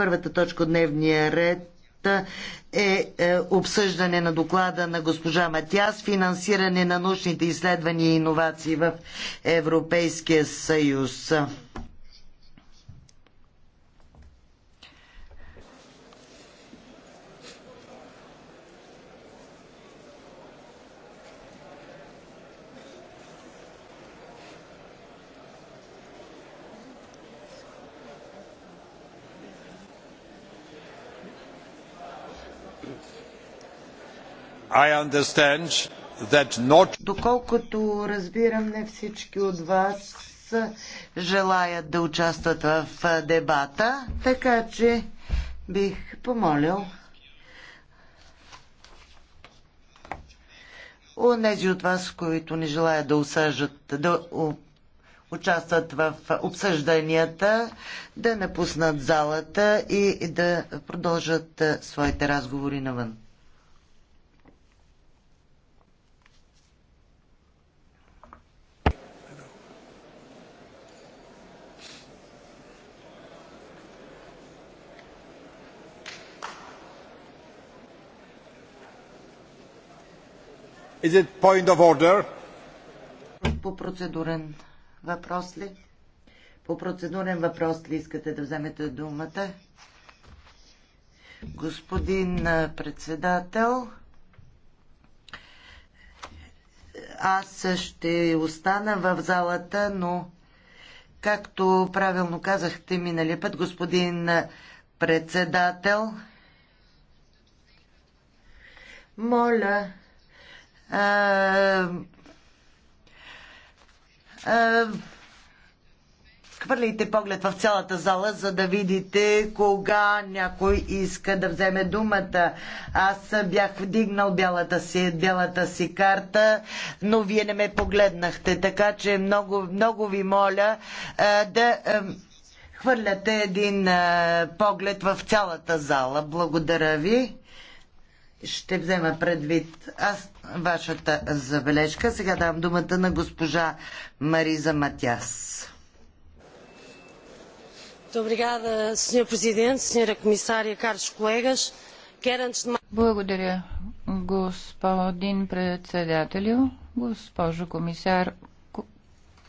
Първата точка от дневния ред е, е обсъждане на доклада на госпожа Матяс финансиране на научните изследвания и иновации в Европейския съюз. Доколкото разбирам, не всички от вас желаят да участват в дебата, така че бих помолил Онези от вас, които не желаят да усъждат, да участват в обсъжданията, да напуснат залата и да продължат своите разговори навън. Is it point of order? По процедурен въпрос ли? По процедурен въпрос ли искате да вземете думата? Господин председател, аз ще остана в залата, но както правилно казахте миналия път, господин председател, моля Хвърляйте поглед в цялата зала, за да видите кога някой иска да вземе думата. Аз бях вдигнал бялата си, бялата си карта, но вие не ме погледнахте. Така че много, много ви моля а, да а, хвърляте един а, поглед в цялата зала. Благодаря ви ще взема предвид аз вашата забележка. Сега давам думата на госпожа Мариза Матяс. Благодаря, господин председателю, госпожо комисар,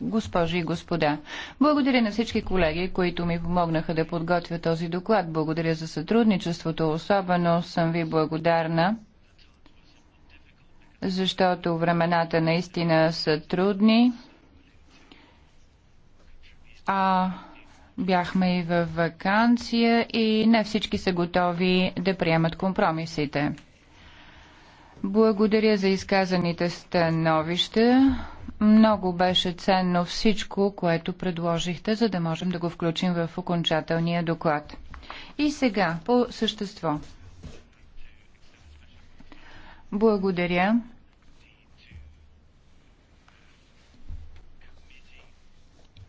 госпожи и господа. Благодаря на всички колеги, които ми помогнаха да подготвя този доклад. Благодаря за сътрудничеството. Особено съм ви благодарна, защото времената наистина са трудни. А бяхме и във вакансия и не всички са готови да приемат компромисите. Благодаря за изказаните становища. Много беше ценно всичко, което предложихте, за да можем да го включим в окончателния доклад. И сега, по същество. Благодаря.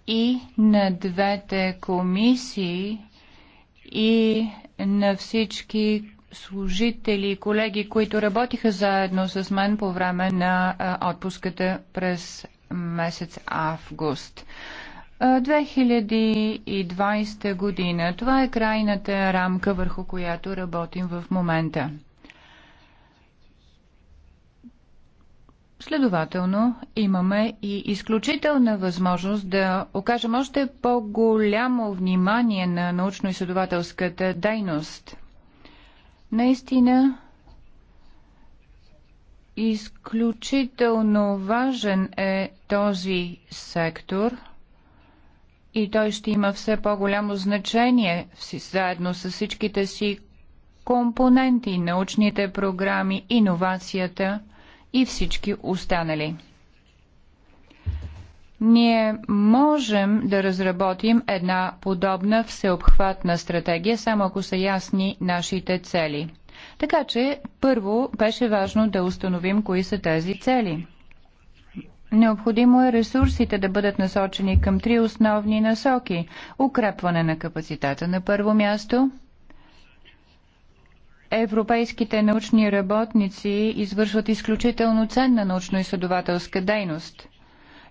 И на двете комисии, и на всички служители и колеги, които работиха заедно с мен по време на отпуската през месец август. 2020 година. Това е крайната рамка, върху която работим в момента. Следователно, имаме и изключителна възможност да окажем още по-голямо внимание на научно-изследователската дейност – Наистина, изключително важен е този сектор – и той ще има все по-голямо значение заедно с всичките си компоненти, научните програми, иновацията и всички останали ние можем да разработим една подобна всеобхватна стратегия, само ако са ясни нашите цели. Така че, първо беше важно да установим кои са тези цели. Необходимо е ресурсите да бъдат насочени към три основни насоки. Укрепване на капацитета на първо място, европейските научни работници извършват изключително ценна научно-изследователска дейност –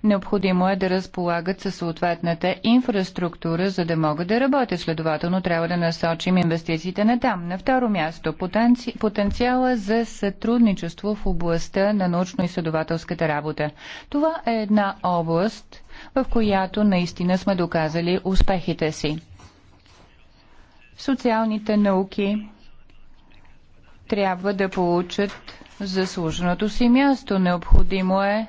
Необходимо е да разполагат със съответната инфраструктура, за да могат да работят. Следователно трябва да насочим инвестициите на там. На второ място, потенци... потенциала за сътрудничество в областта на научно-изследователската работа. Това е една област, в която наистина сме доказали успехите си. Социалните науки трябва да получат заслуженото си място. Необходимо е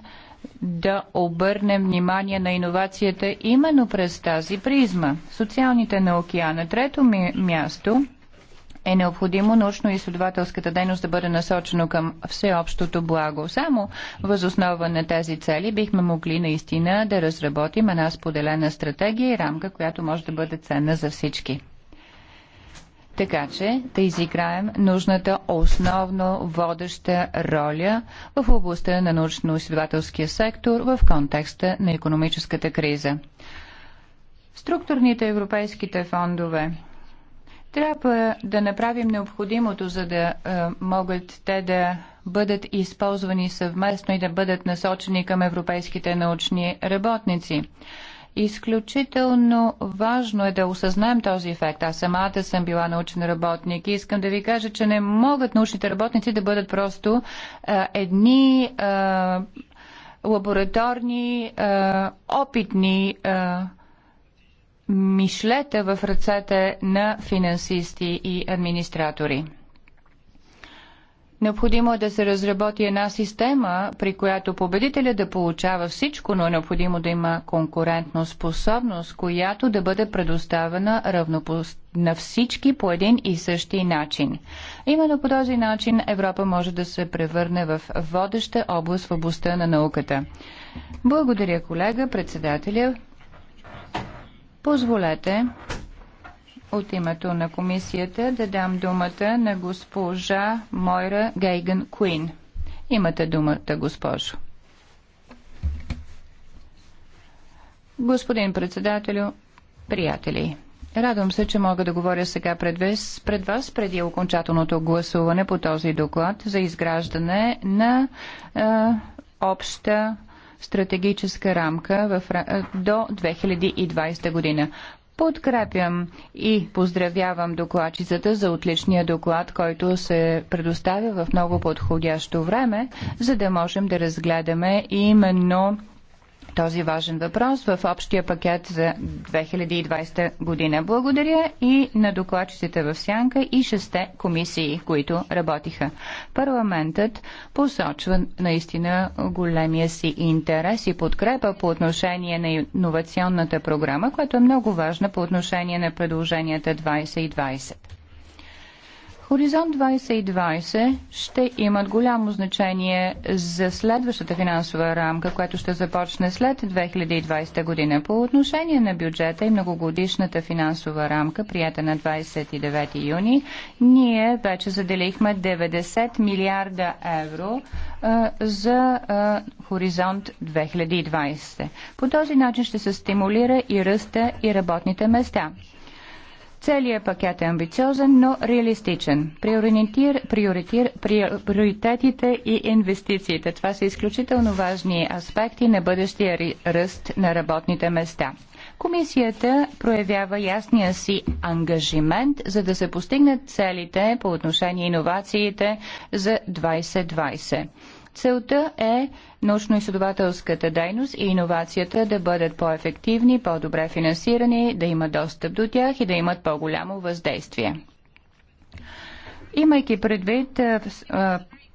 да обърнем внимание на иновацията именно през тази призма. Социалните науки, а на трето ми място е необходимо научно-изследователската дейност да бъде насочено към всеобщото благо. Само възоснова на тези цели бихме могли наистина да разработим една споделена стратегия и рамка, която може да бъде ценна за всички така че да изиграем нужната основно водеща роля в областта на научно-изследователския сектор в контекста на економическата криза. Структурните европейските фондове трябва да направим необходимото, за да е, могат те да бъдат използвани съвместно и да бъдат насочени към европейските научни работници. Изключително важно е да осъзнаем този ефект. Аз самата съм била научен работник и искам да ви кажа, че не могат научните работници да бъдат просто а, едни а, лабораторни, а, опитни а, мишлета в ръцете на финансисти и администратори. Необходимо е да се разработи една система, при която победителя да получава всичко, но е необходимо да има конкурентно способност, която да бъде предоставена равнопост на всички по един и същи начин. Именно по този начин Европа може да се превърне в водеща област в областта на науката. Благодаря, колега, председателя. Позволете от името на комисията да дам думата на госпожа Мойра Гейган Куин. Имате думата, госпожо. Господин председателю, приятели, радвам се, че мога да говоря сега пред вас, пред вас преди окончателното гласуване по този доклад за изграждане на е, обща стратегическа рамка в, до 2020 година. Подкрепям и поздравявам докладчицата за отличния доклад, който се предоставя в много подходящо време, за да можем да разгледаме именно този важен въпрос в общия пакет за 2020 година. Благодаря и на докладчиците в Сянка и шесте комисии, които работиха. Парламентът посочва наистина големия си интерес и подкрепа по отношение на иновационната програма, която е много важна по отношение на предложенията 2020. Хоризонт 2020 ще имат голямо значение за следващата финансова рамка, която ще започне след 2020 година. По отношение на бюджета и многогодишната финансова рамка, прията на 29 юни, ние вече заделихме 90 милиарда евро а, за а, Хоризонт 2020. По този начин ще се стимулира и ръста и работните места. Целият пакет е амбициозен, но реалистичен. Приоритир, приоритир, приоритетите и инвестициите. Това са изключително важни аспекти на бъдещия ръст на работните места. Комисията проявява ясния си ангажимент, за да се постигнат целите по отношение иновациите за 2020. Целта е научно-изследователската дейност и иновацията да бъдат по-ефективни, по-добре финансирани, да имат достъп до тях и да имат по-голямо въздействие. Имайки предвид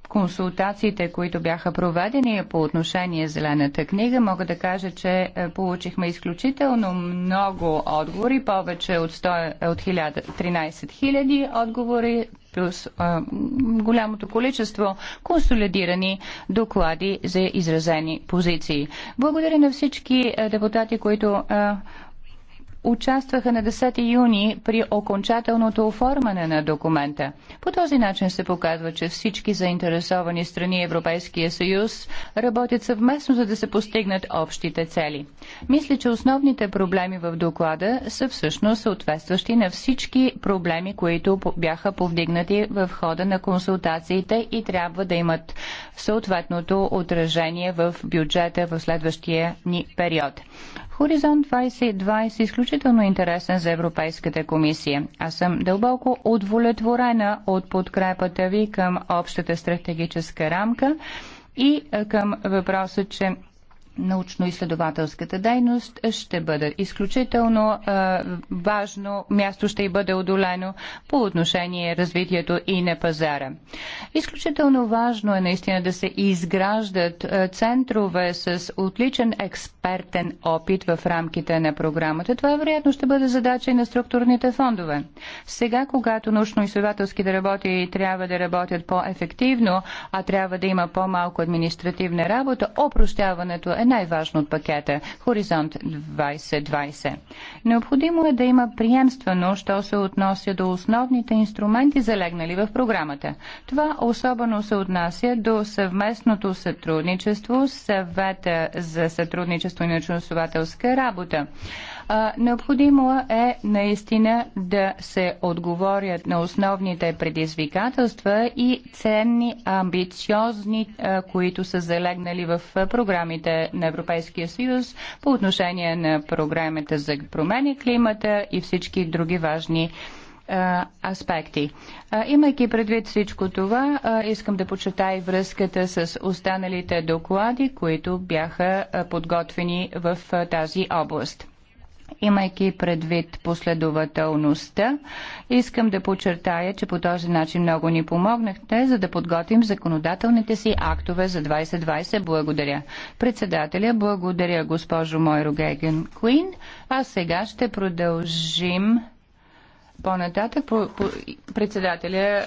консултациите, които бяха проведени по отношение Зелената книга, мога да кажа, че получихме изключително много отговори, повече от, 100, от 13 000 отговори, плюс а, голямото количество консолидирани доклади за изразени позиции. Благодаря на всички а, депутати, които а, участваха на 10 юни при окончателното оформяне на документа. По този начин се показва, че всички заинтересовани страни Европейския съюз работят съвместно, за да се постигнат общите цели. Мисля, че основните проблеми в доклада са всъщност съответстващи на всички проблеми, които бяха повдигнати в хода на консултациите и трябва да имат съответното отражение в бюджета в следващия ни период. Хоризонт 2020 е изключително интересен за Европейската комисия. Аз съм дълбоко удовлетворена от подкрепата ви към общата стратегическа рамка и към въпроса, че научно-изследователската дейност ще бъде изключително а, е, важно място ще и бъде одолено по отношение развитието и на пазара. Изключително важно е наистина да се изграждат е, центрове с отличен експертен опит в рамките на програмата. Това вероятно ще бъде задача и на структурните фондове. Сега, когато научно-изследователските работи трябва да работят по-ефективно, а трябва да има по-малко административна работа, опрощаването е най-важно от пакета Хоризонт 2020. Необходимо е да има приемствено, що се относя до основните инструменти, залегнали в програмата. Това особено се отнася до съвместното сътрудничество, съвета за сътрудничество и научно работа а, необходимо е наистина да се отговорят на основните предизвикателства и ценни, амбициозни, а, които са залегнали в програмите на Европейския съюз по отношение на програмите за промени климата и всички други важни аспекти. Имайки предвид всичко това, искам да почета и връзката с останалите доклади, които бяха подготвени в тази област. Имайки предвид последователността, искам да подчертая, че по този начин много ни помогнахте, за да подготвим законодателните си актове за 2020. Благодаря. Председателя, благодаря госпожо Мойро Геген Куин. А сега ще продължим по-нататък. По, по, председателя е,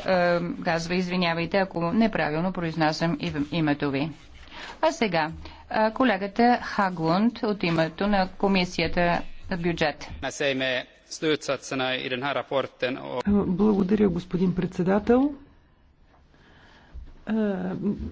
казва, извинявайте, ако неправилно произнасям името ви. А сега, е, колегата Хаглунд от името на комисията бюджет. Благодаря, господин председател. Е,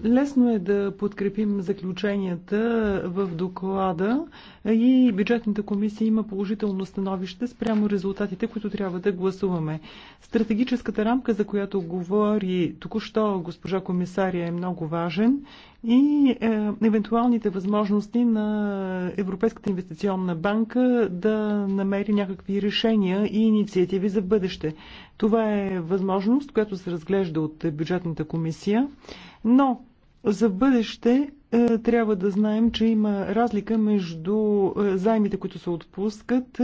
лесно е да подкрепим заключенията в доклада и бюджетната комисия има положително становище спрямо резултатите, които трябва да гласуваме. Стратегическата рамка, за която говори току-що госпожа комисария, е много важен и е, евентуалните възможности на Европейската инвестиционна банка да намери някакви решения и инициативи за бъдеще. Това е възможност, която се разглежда от бюджетната комисия, но за бъдеще е, трябва да знаем, че има разлика между е, займите, които се отпускат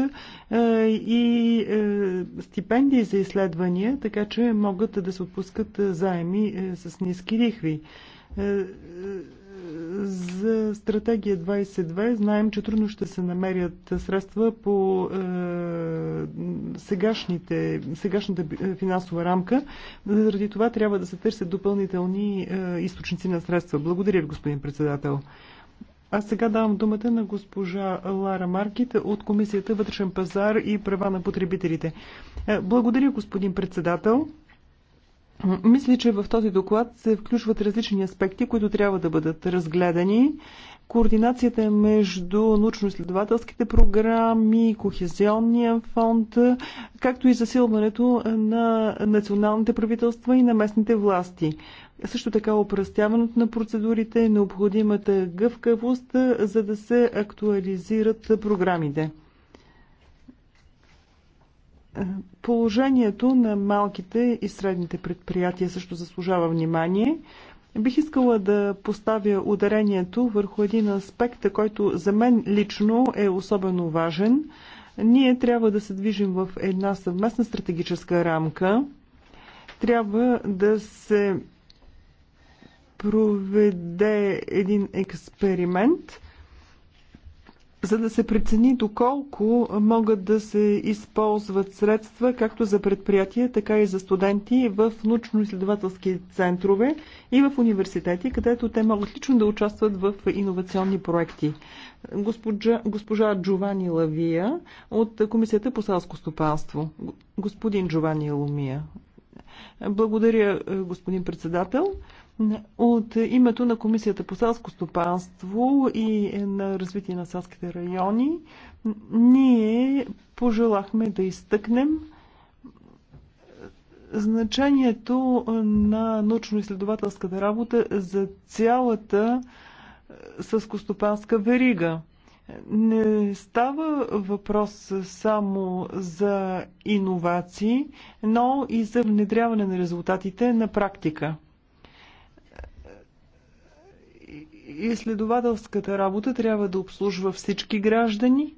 и стипендии за изследвания, така че могат да се отпускат заеми с ниски лихви. Е, е, за стратегия 22 знаем, че трудно ще се намерят средства по е, сегашните, сегашната финансова рамка. Заради това трябва да се търсят допълнителни източници на средства. Благодаря ви, господин председател. Аз сега давам думата на госпожа Лара Маркит от Комисията Вътрешен пазар и права на потребителите. Благодаря, господин председател. Мисля, че в този доклад се включват различни аспекти, които трябва да бъдат разгледани. Координацията е между научно-изследователските програми, кохезионния фонд, както и засилването на националните правителства и на местните власти. Също така опростяването на процедурите, необходимата гъвкавост, за да се актуализират програмите. Положението на малките и средните предприятия също заслужава внимание. Бих искала да поставя ударението върху един аспект, който за мен лично е особено важен. Ние трябва да се движим в една съвместна стратегическа рамка. Трябва да се проведе един експеримент – за да се прецени доколко могат да се използват средства както за предприятия, така и за студенти в научно-изследователски центрове и в университети, където те могат лично да участват в иновационни проекти. Госпожа, госпожа Джовани Лавия от Комисията по селско стопанство. Господин Джовани Лумия. Благодаря, господин председател. От името на Комисията по селско стопанство и на развитие на селските райони, ние пожелахме да изтъкнем значението на научно-изследователската работа за цялата съскостопанска верига. Не става въпрос само за иновации, но и за внедряване на резултатите на практика. изследователската работа трябва да обслужва всички граждани.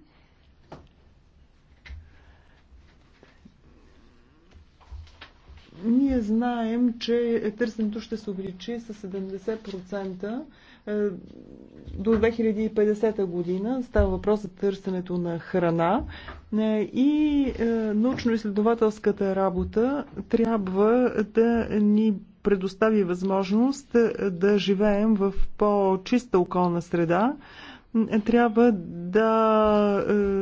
Ние знаем, че търсенето ще се увеличи с 70% е, до 2050 година. Става въпрос за търсенето на храна е, и е, научно-изследователската работа трябва да ни предостави възможност е, да живеем в по-чиста околна среда, трябва да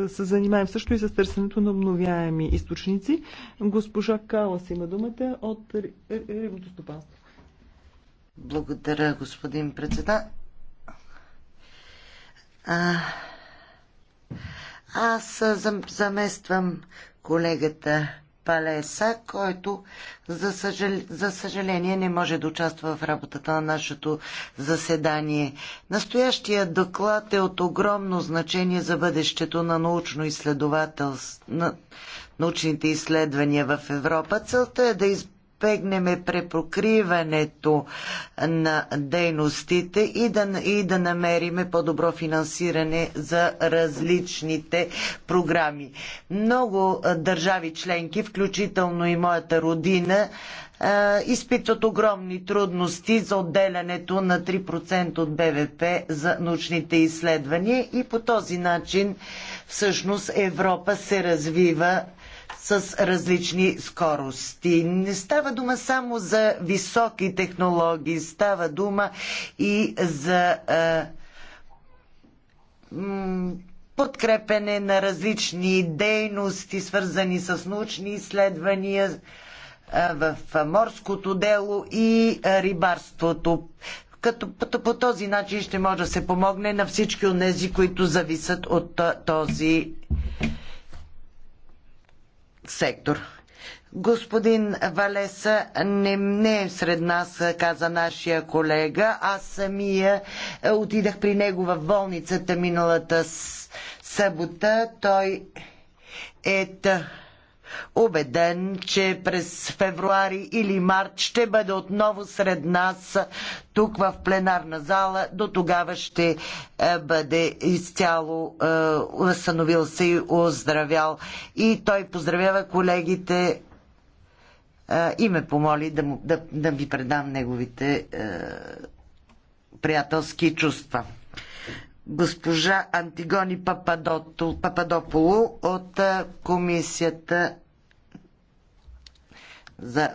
е, се занимаем също и с търсенето на обновяеми източници. Госпожа Калас има думата от е, Рибното стопанство. Благодаря, господин председател. А... Аз замествам колегата Палеса, който за, съжал... за съжаление не може да участва в работата на нашето заседание. Настоящия доклад е от огромно значение за бъдещето на научно-изследовател... на... научните изследвания в Европа. Целта е да из избегнем препокриването на дейностите и да, и да намериме по-добро финансиране за различните програми. Много държави членки, включително и моята родина, изпитват огромни трудности за отделянето на 3% от БВП за научните изследвания и по този начин всъщност Европа се развива с различни скорости. Не става дума само за високи технологии, става дума и за а, подкрепене на различни дейности, свързани с научни изследвания а, в морското дело и а, рибарството като по, този начин ще може да се помогне на всички от тези, които зависят от този сектор. Господин Валеса не, не е сред нас, каза нашия колега. Аз самия е, отидах при него в болницата миналата събота. Той е убеден, че през февруари или март ще бъде отново сред нас тук в пленарна зала. До тогава ще е, бъде изцяло възстановил е, се и оздравял. И той поздравява колегите е, и ме помоли да, да, да ви предам неговите приятелски чувства госпожа Антигони Пападополо от комисията за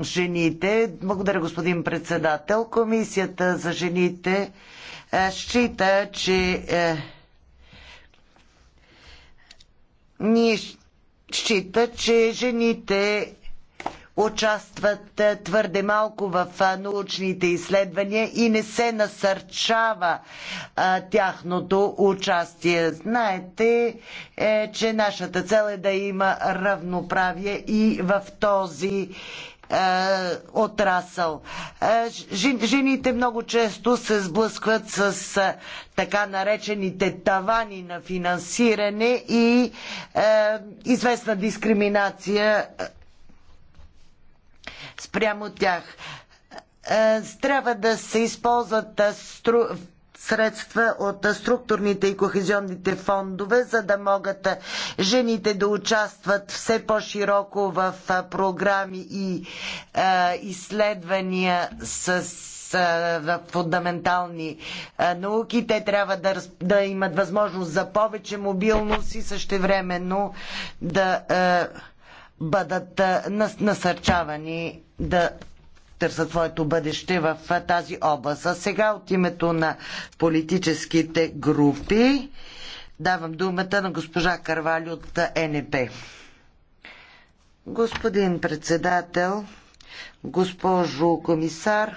жените. Благодаря, господин председател. Комисията за жените счита, че е, ние счита, че жените участват е, твърде малко в е, научните изследвания и не се насърчава е, тяхното участие. Знаете, е, че нашата цел е да има равноправие и в този отрасъл. Жените много често се сблъскват с така наречените тавани на финансиране и известна дискриминация спрямо тях. Е, трябва да се използват е, средства от е, структурните и кохезионните фондове, за да могат жените да участват все по-широко в програми и изследвания с в фундаментални науки. Те трябва да, да имат възможност за повече мобилност и същевременно да бъдат насърчавани да търса твоето бъдеще в тази област. А сега от името на политическите групи давам думата на госпожа Карвали от НП. Господин председател, госпожо комисар,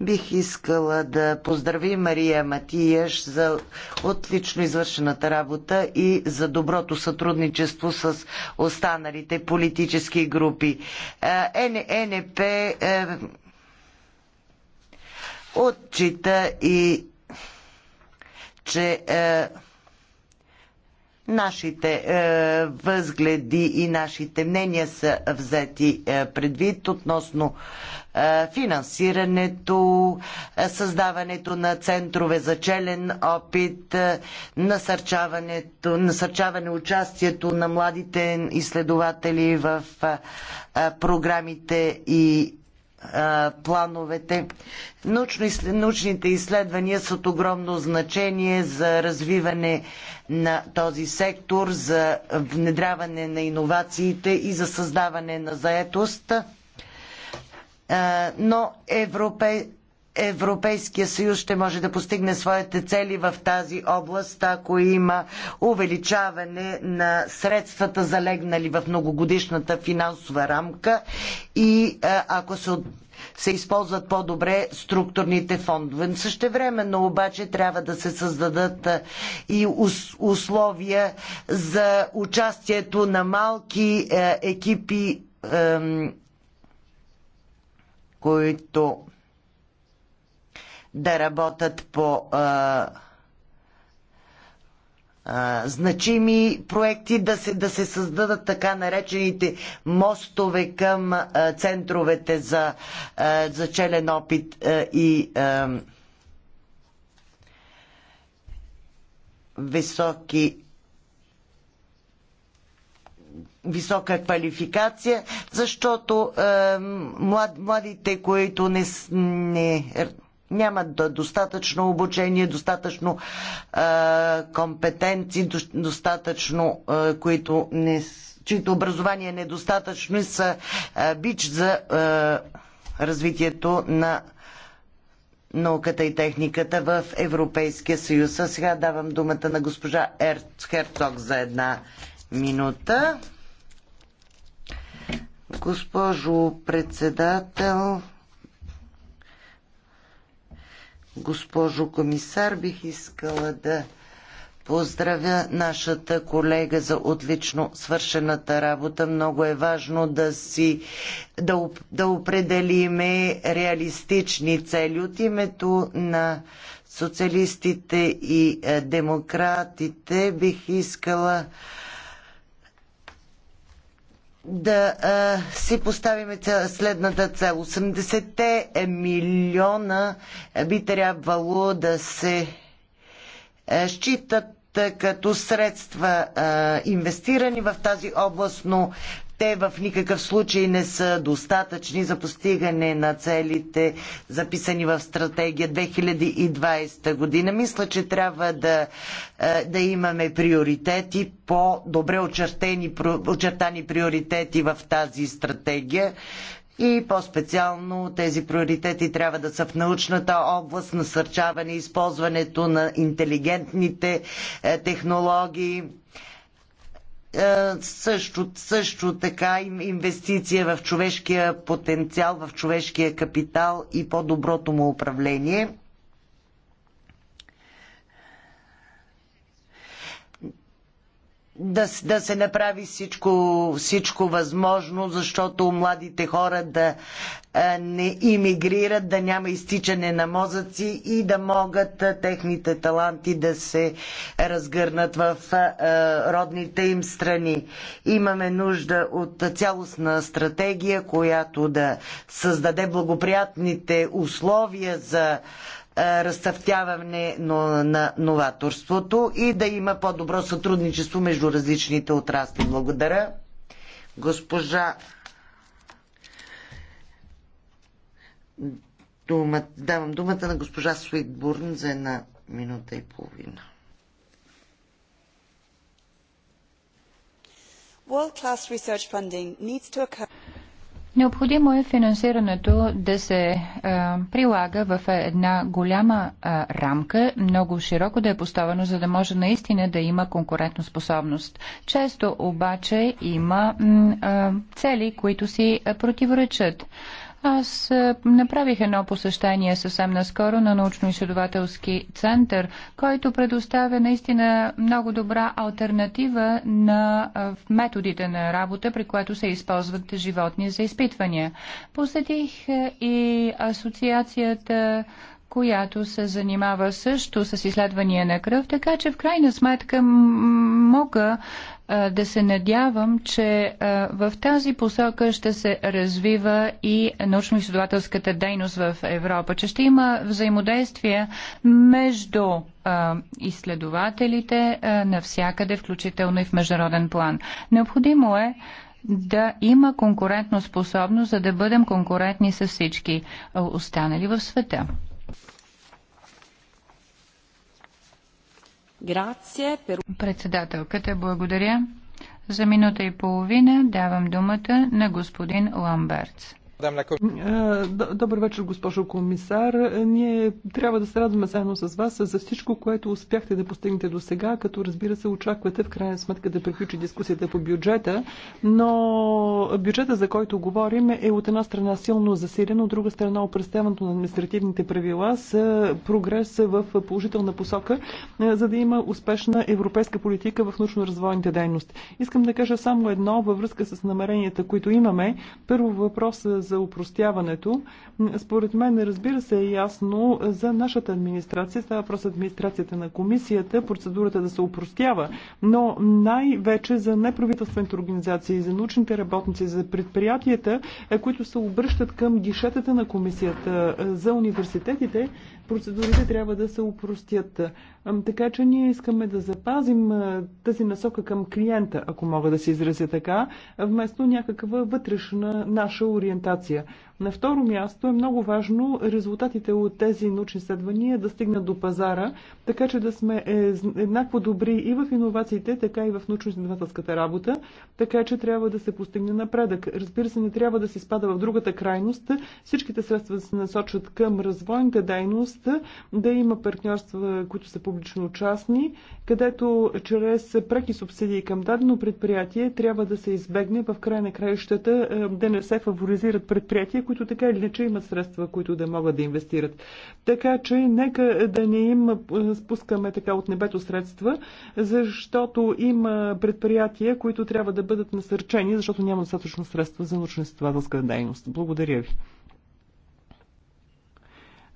Бих искала да поздрави Мария Матияш за отлично извършената работа и за доброто сътрудничество с останалите политически групи. Е, НП е, отчита и че е, нашите е, възгледи и нашите мнения са взети предвид относно е, финансирането, е, създаването на центрове за челен опит, е, насърчаването, насърчаване участието на младите изследователи в програмите и плановете. научните изследвания са от огромно значение за развиване на този сектор, за внедряване на иновациите и за създаване на заетост. Е, но Европе... Европейския съюз ще може да постигне своите цели в тази област, ако има увеличаване на средствата, залегнали в многогодишната финансова рамка и е, ако се се използват по-добре структурните фондове. Същевременно обаче трябва да се създадат е, и условия за участието на малки екипи които да работят по а, а, значими проекти, да се, да се създадат така наречените мостове към а, центровете за, а, за челен опит а, и а, високи висока квалификация, защото е, млад, младите, които не, не нямат достатъчно обучение, достатъчно е, компетенции, достатъчно, е, които не, чието образование е недостатъчно и са е, бич за е, развитието на науката и техниката в Европейския съюз. А сега давам думата на госпожа Ерц Херцог за една минута. Госпожо председател, госпожо комисар, бих искала да поздравя нашата колега за отлично свършената работа. Много е важно да си да, да определиме реалистични цели от името на социалистите и е, демократите. Бих искала да а, си поставим следната цел. 80-те е, милиона е, би трябвало да се а, е, считат като средства а, инвестирани в тази област, но те в никакъв случай не са достатъчни за постигане на целите, записани в стратегия 2020 година. Мисля, че трябва да, е, да имаме приоритети, по-добре очертани приоритети в тази стратегия. И по-специално тези приоритети трябва да са в научната област, насърчаване използването на интелигентните е, технологии, е, също, също така инвестиция в човешкия потенциал, в човешкия капитал и по-доброто му управление. Да, да се направи всичко, всичко възможно, защото младите хора да не имигрират, да няма изтичане на мозъци и да могат техните таланти да се разгърнат в родните им страни. Имаме нужда от цялостна стратегия, която да създаде благоприятните условия за разцъфтяване на новаторството и да има по-добро сътрудничество между различните отрасли. Благодаря. Госпожа Дума, давам думата на госпожа Суитбурн за една минута и половина. Необходимо е финансирането да се а, е, прилага в една голяма а, е, рамка, много широко да е поставено, за да може наистина да има конкурентоспособност. Често обаче има а, е, цели, които си противоречат. Аз е, направих едно посещение съвсем наскоро на научно-изследователски център, който предоставя наистина много добра альтернатива на е, методите на работа, при което се използват животни за изпитвания. Посетих е, и асоциацията която се занимава също с изследвания на кръв, така че в крайна сметка мога да се надявам, че в тази посока ще се развива и научно-изследователската дейност в Европа, че ще има взаимодействие между изследователите навсякъде, включително и в международен план. Необходимо е да има конкурентно способност, за да бъдем конкурентни с всички останали в света. Председателката, благодаря. За минута и половина давам думата на господин Ламберц. Добър вечер, госпожо комисар. Ние трябва да се радваме заедно с вас за всичко, което успяхте да постигнете до сега, като разбира се очаквате в крайна сметка да приключи дискусията по бюджета, но бюджета, за който говорим, е от една страна силно засилен, от друга страна опрестяването на административните правила с прогрес в положителна посока, за да има успешна европейска политика в научно-развойните дейности. Искам да кажа само едно във връзка с намеренията, които имаме. Първо въпрос за упростяването. Според мен, разбира се, е ясно за нашата администрация, става въпрос администрацията на комисията, процедурата да се упростява, но най-вече за неправителствените организации, за научните работници, за предприятията, които се обръщат към гишетата на комисията за университетите, процедурите трябва да се упростят. Ами така че ние искаме да запазим тази насока към клиента, ако мога да се изразя така, вместо някаква вътрешна наша ориентация. На второ място е много важно резултатите от тези научни изследвания да стигнат до пазара, така че да сме е, еднакво добри и в иновациите, така и в научно-изследователската работа, така че трябва да се постигне напредък. Разбира се, не трябва да се спада в другата крайност. Всичките средства да се насочат към развойната дейност, да има партньорства, които са публични публично-частни, където чрез преки субсидии към дадено предприятие трябва да се избегне в края на краищата е, да не се фаворизират предприятия, които така или иначе имат средства, които да могат да инвестират. Така че нека да не им е, спускаме така от небето средства, защото има предприятия, които трябва да бъдат насърчени, защото няма достатъчно средства за научно-изследователска дейност. Благодаря ви.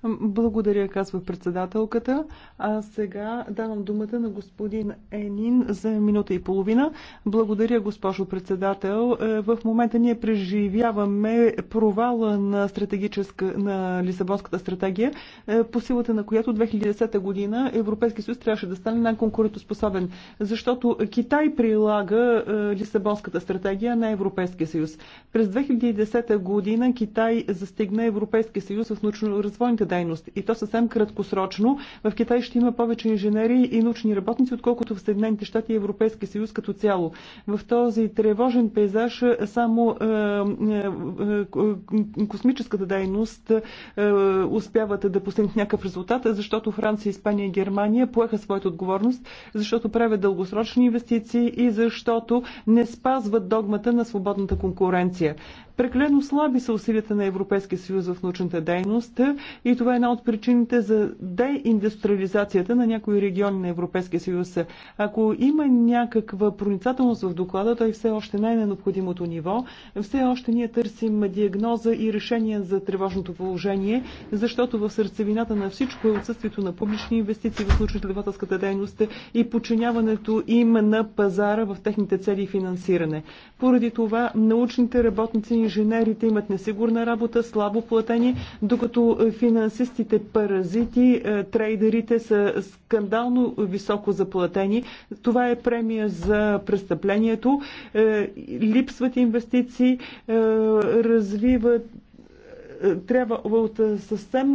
Благодаря, казва председателката. А сега давам думата на господин Енин за минута и половина. Благодаря, госпожо председател. Е, в момента ние преживяваме провала на, стратегическа, на Лисабонската стратегия, е, по силата на която 2010 година Европейски съюз трябваше да стане най-конкурентоспособен, защото Китай прилага е, Лисабонската стратегия на Европейския съюз. През 2010 година Китай застигна Европейския съюз в научно-развойните дейност. И то съвсем краткосрочно. В Китай ще има повече инженери и научни работници, отколкото в Съединените щати и Европейския съюз като цяло. В този тревожен пейзаж е, само е, е, е, космическата дейност е, успяват да постигнат някакъв резултат, защото Франция, Испания и Германия поеха своята отговорност, защото правят дългосрочни инвестиции и защото не спазват догмата на свободната конкуренция. Прекалено слаби са усилията на Европейския съюз в научната дейност и това е една от причините за деиндустриализацията на някои региони на Европейския съюз. Ако има някаква проницателност в доклада, той все още не е на необходимото ниво. Все още ние търсим диагноза и решение за тревожното положение, защото в сърцевината на всичко е отсъствието на публични инвестиции в научно-изследователската дейност и подчиняването им на пазара в техните цели и финансиране. Поради това научните работници инженерите имат несигурна работа, слабо платени, докато е, финансистите паразити, е, трейдерите са скандално високо заплатени. Това е премия за престъплението. Е, липсват инвестиции, развиват трябва от съвсем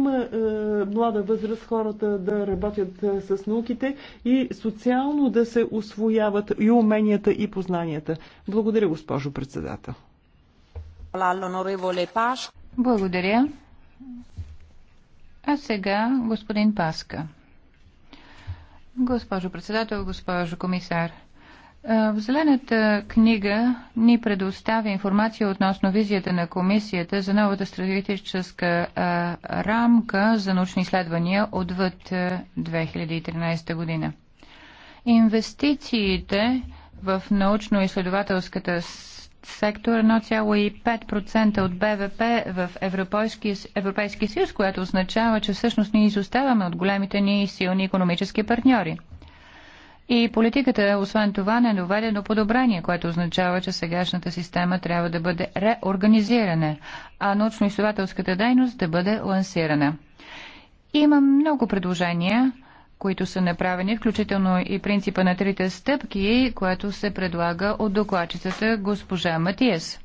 млада възраст хората да работят с науките и социално да се освояват и уменията и познанията. Благодаря, госпожо председател. Благодаря. А сега господин Паска. Госпожо председател, госпожо комисар. В Зелената книга ни предоставя информация относно визията на комисията за новата стратегическа рамка за научни изследвания отвъд 2013 година. Инвестициите в научно-изследователската сектор 1,5% от БВП в Европейския, Европейски съюз, което означава, че всъщност ние изоставаме от големите ни силни економически партньори. И политиката, освен това, не доведе до подобрение, което означава, че сегашната система трябва да бъде реорганизирана, а научно-изследователската дейност да бъде лансирана. Има много предложения които са направени, включително и принципа на трите стъпки, което се предлага от докладчицата госпожа Матиес.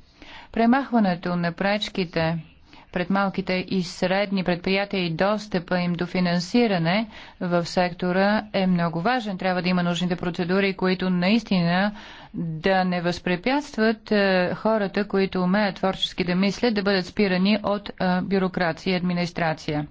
Премахването на пречките пред малките и средни предприятия и достъпа им до финансиране в сектора е много важен. Трябва да има нужните процедури, които наистина да не възпрепятстват е, хората, които умеят творчески да мислят, да бъдат спирани от е, бюрокрация и администрация.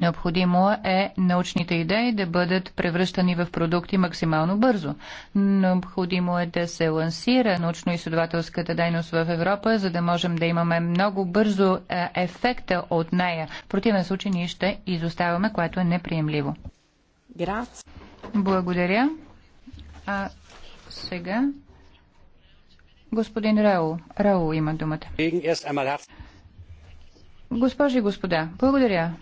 Необходимо е научните идеи да бъдат превръщани в продукти максимално бързо. Необходимо е да се лансира научно-изследователската дейност в Европа, за да можем да имаме много бързо е, ефекта от нея. В противен случай ние ще изоставаме, което е неприемливо. Благодаря. А сега господин Рао. Рао има думата. Госпожи и господа, благодаря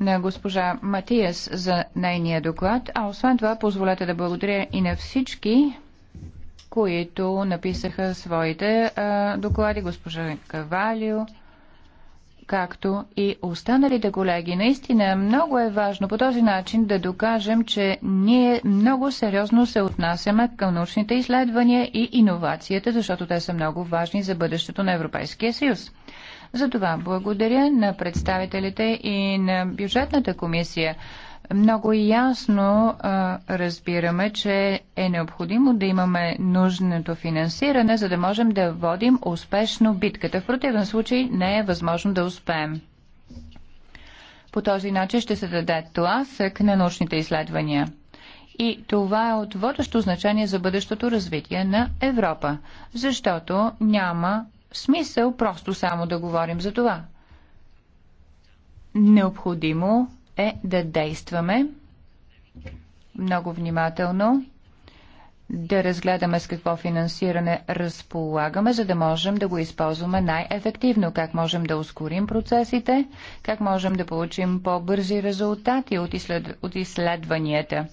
на госпожа Матиас за нейния доклад, а освен това позволете да благодаря и на всички, които написаха своите а, доклади, госпожа Кавалио, както и останалите колеги. Наистина много е важно по този начин да докажем, че ние много сериозно се отнасяме към научните изследвания и иновацията, защото те са много важни за бъдещето на Европейския съюз. Затова благодаря на представителите и на бюджетната комисия. Много ясно а, разбираме, че е необходимо да имаме нужното финансиране, за да можем да водим успешно битката. В противен случай не е възможно да успеем. По този начин ще се даде тласък на научните изследвания. И това е от водещо значение за бъдещото развитие на Европа, защото няма смисъл просто само да говорим за това. Необходимо е да действаме много внимателно, да разгледаме с какво финансиране разполагаме, за да можем да го използваме най-ефективно, как можем да ускорим процесите, как можем да получим по-бързи резултати от, изследванията.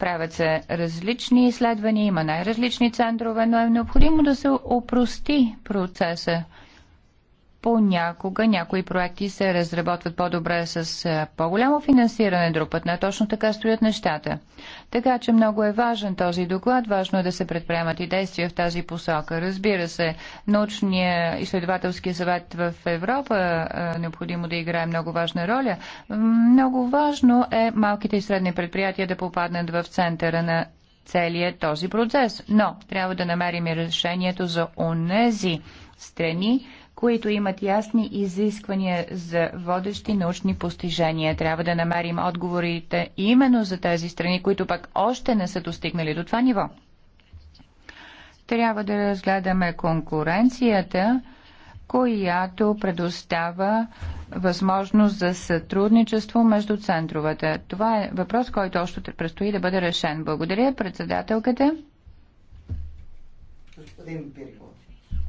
Правят се различни изследвания, има най-различни центрове, но е необходимо да се опрости процеса понякога някои проекти се разработват по-добре с по-голямо финансиране, друг път не точно така стоят нещата. Така че много е важен този доклад, важно е да се предприемат и действия в тази посока. Разбира се, научния изследователски съвет в Европа е необходимо да играе много важна роля. Много важно е малките и средни предприятия да попаднат в центъра на целият този процес. Но трябва да намерим и решението за онези страни, които имат ясни изисквания за водещи научни постижения. Трябва да намерим отговорите именно за тези страни, които пък още не са достигнали до това ниво. Трябва да разгледаме конкуренцията, която предостава възможност за сътрудничество между центровете. Това е въпрос, който още предстои да бъде решен. Благодаря, председателката. Господин Пирко,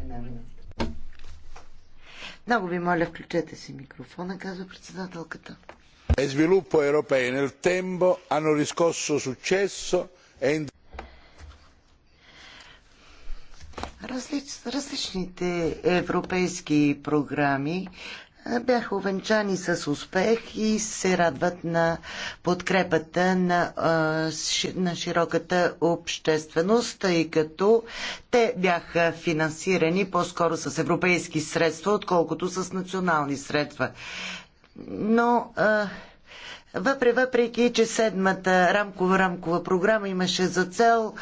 една минута. Много ви моля, включете си микрофона, казва председателката. E sviluppo europei nel tempo hanno riscosso successo e Различ, различните европейски програми бяха увенчани с успех и се радват на подкрепата на, на широката общественост, тъй като те бяха финансирани по-скоро с европейски средства, отколкото с национални средства. Но въпреки че седмата рамкова рамкова програма имаше за цел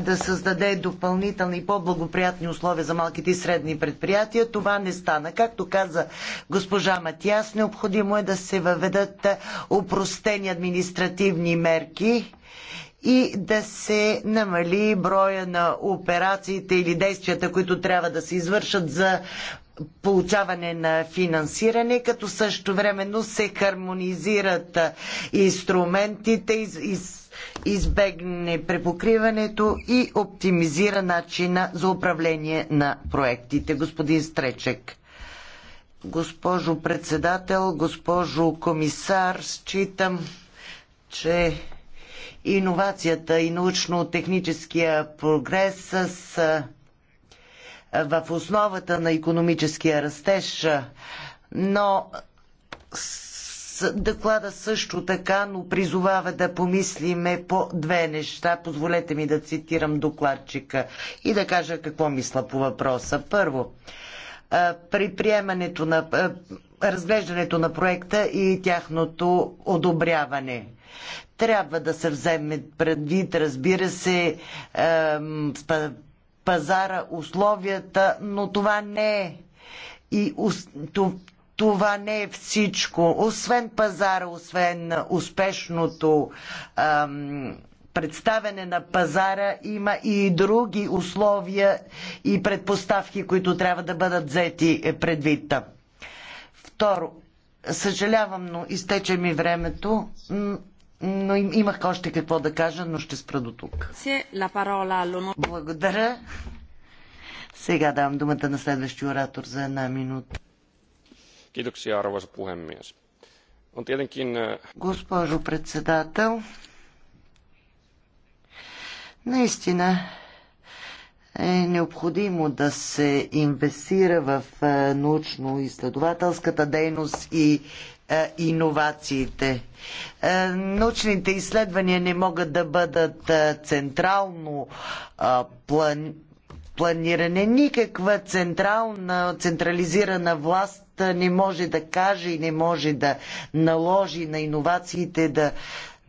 да създаде допълнителни и по-благоприятни условия за малките и средни предприятия, това не стана. Както каза госпожа Матиас, необходимо е да се въведат упростени административни мерки и да се намали броя на операциите или действията, които трябва да се извършат за получаване на финансиране, като същевременно се хармонизират инструментите, из, из, избегне препокриването и оптимизира начина за управление на проектите. Господин Стречек. Госпожо председател, госпожо комисар, считам, че иновацията и научно-техническия прогрес са в основата на економическия растеж, но доклада също така, но призовава да помислиме по две неща. Позволете ми да цитирам докладчика и да кажа какво мисля по въпроса. Първо, при приемането на разглеждането на проекта и тяхното одобряване. Трябва да се вземе предвид, разбира се, пазара условията, но това не е. И това не е всичко. Освен пазара, освен успешното ам, представяне на пазара, има и други условия и предпоставки, които трябва да бъдат взети е, предвид. Второ, съжалявам, но изтече ми времето но им, имах още какво да кажа, но ще спра до тук. Благодаря. Сега давам думата на следващия оратор за една минута. Kiitoksia, arvoisa puhemies. On tietenkin... Госпожо председател, наистина е необходимо да се инвестира в е, научно-изследователската дейност и е, иновациите. Е, научните изследвания не могат да бъдат е, централно планиране. Никаква централна, централизирана власт не може да каже и не може да наложи на иновациите да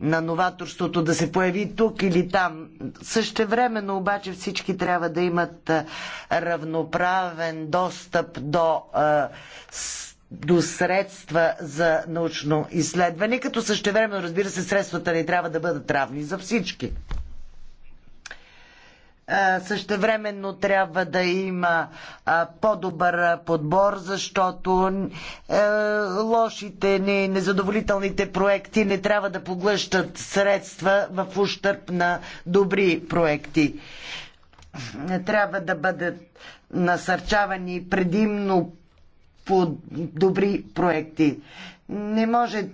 на новаторството да се появи тук или там. Същевременно обаче всички трябва да имат равноправен достъп до до средства за научно изследване, като същевременно, разбира се, средствата не трябва да бъдат равни за всички. Същевременно трябва да има по-добър подбор, защото лошите, незадоволителните проекти не трябва да поглъщат средства в ущърп на добри проекти. Трябва да бъдат насърчавани предимно по добри проекти. Не може,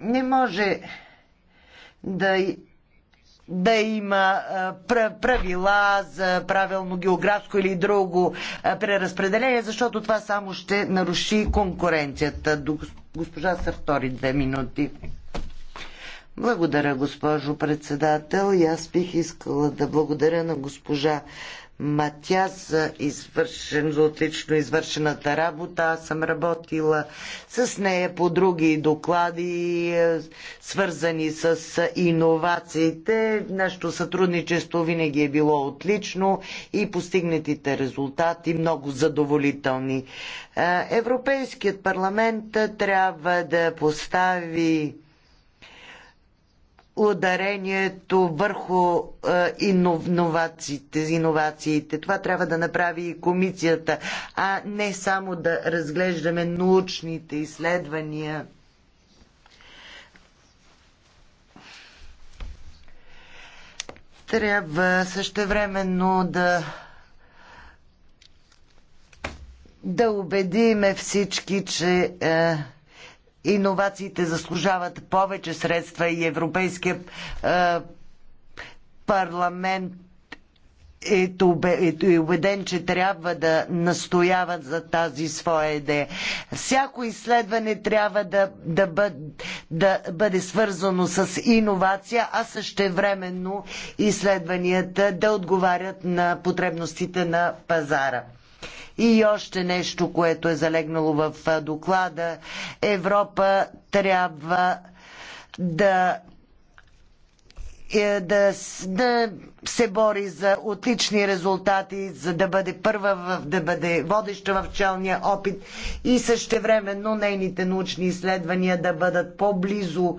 не може да, да има правила за правилно географско или друго преразпределение, защото това само ще наруши конкуренцията. Госпожа втори две минути. Благодаря, госпожо председател. И аз бих искала да благодаря на госпожа Матя за извършен, за отлично извършената работа. Аз съм работила с нея по други доклади, е, свързани с иновациите. Нашето сътрудничество винаги е било отлично и постигнатите резултати много задоволителни. Е, Европейският парламент трябва да постави ударението върху е, иновациите. Това трябва да направи и комисията, а не само да разглеждаме научните изследвания. Трябва същевременно да да убедиме всички, че е, иновациите заслужават повече средства и Европейския е, парламент е, е, е убеден, че трябва да настояват за тази своя идея. Всяко изследване трябва да, да, бъд, да бъде свързано с иновация, а същевременно изследванията да отговарят на потребностите на пазара. И още нещо, което е залегнало в доклада. Европа трябва да е, да, да се бори за отлични резултати, за да бъде първа, в, да бъде водеща в челния опит и същевременно нейните научни изследвания да бъдат по-близо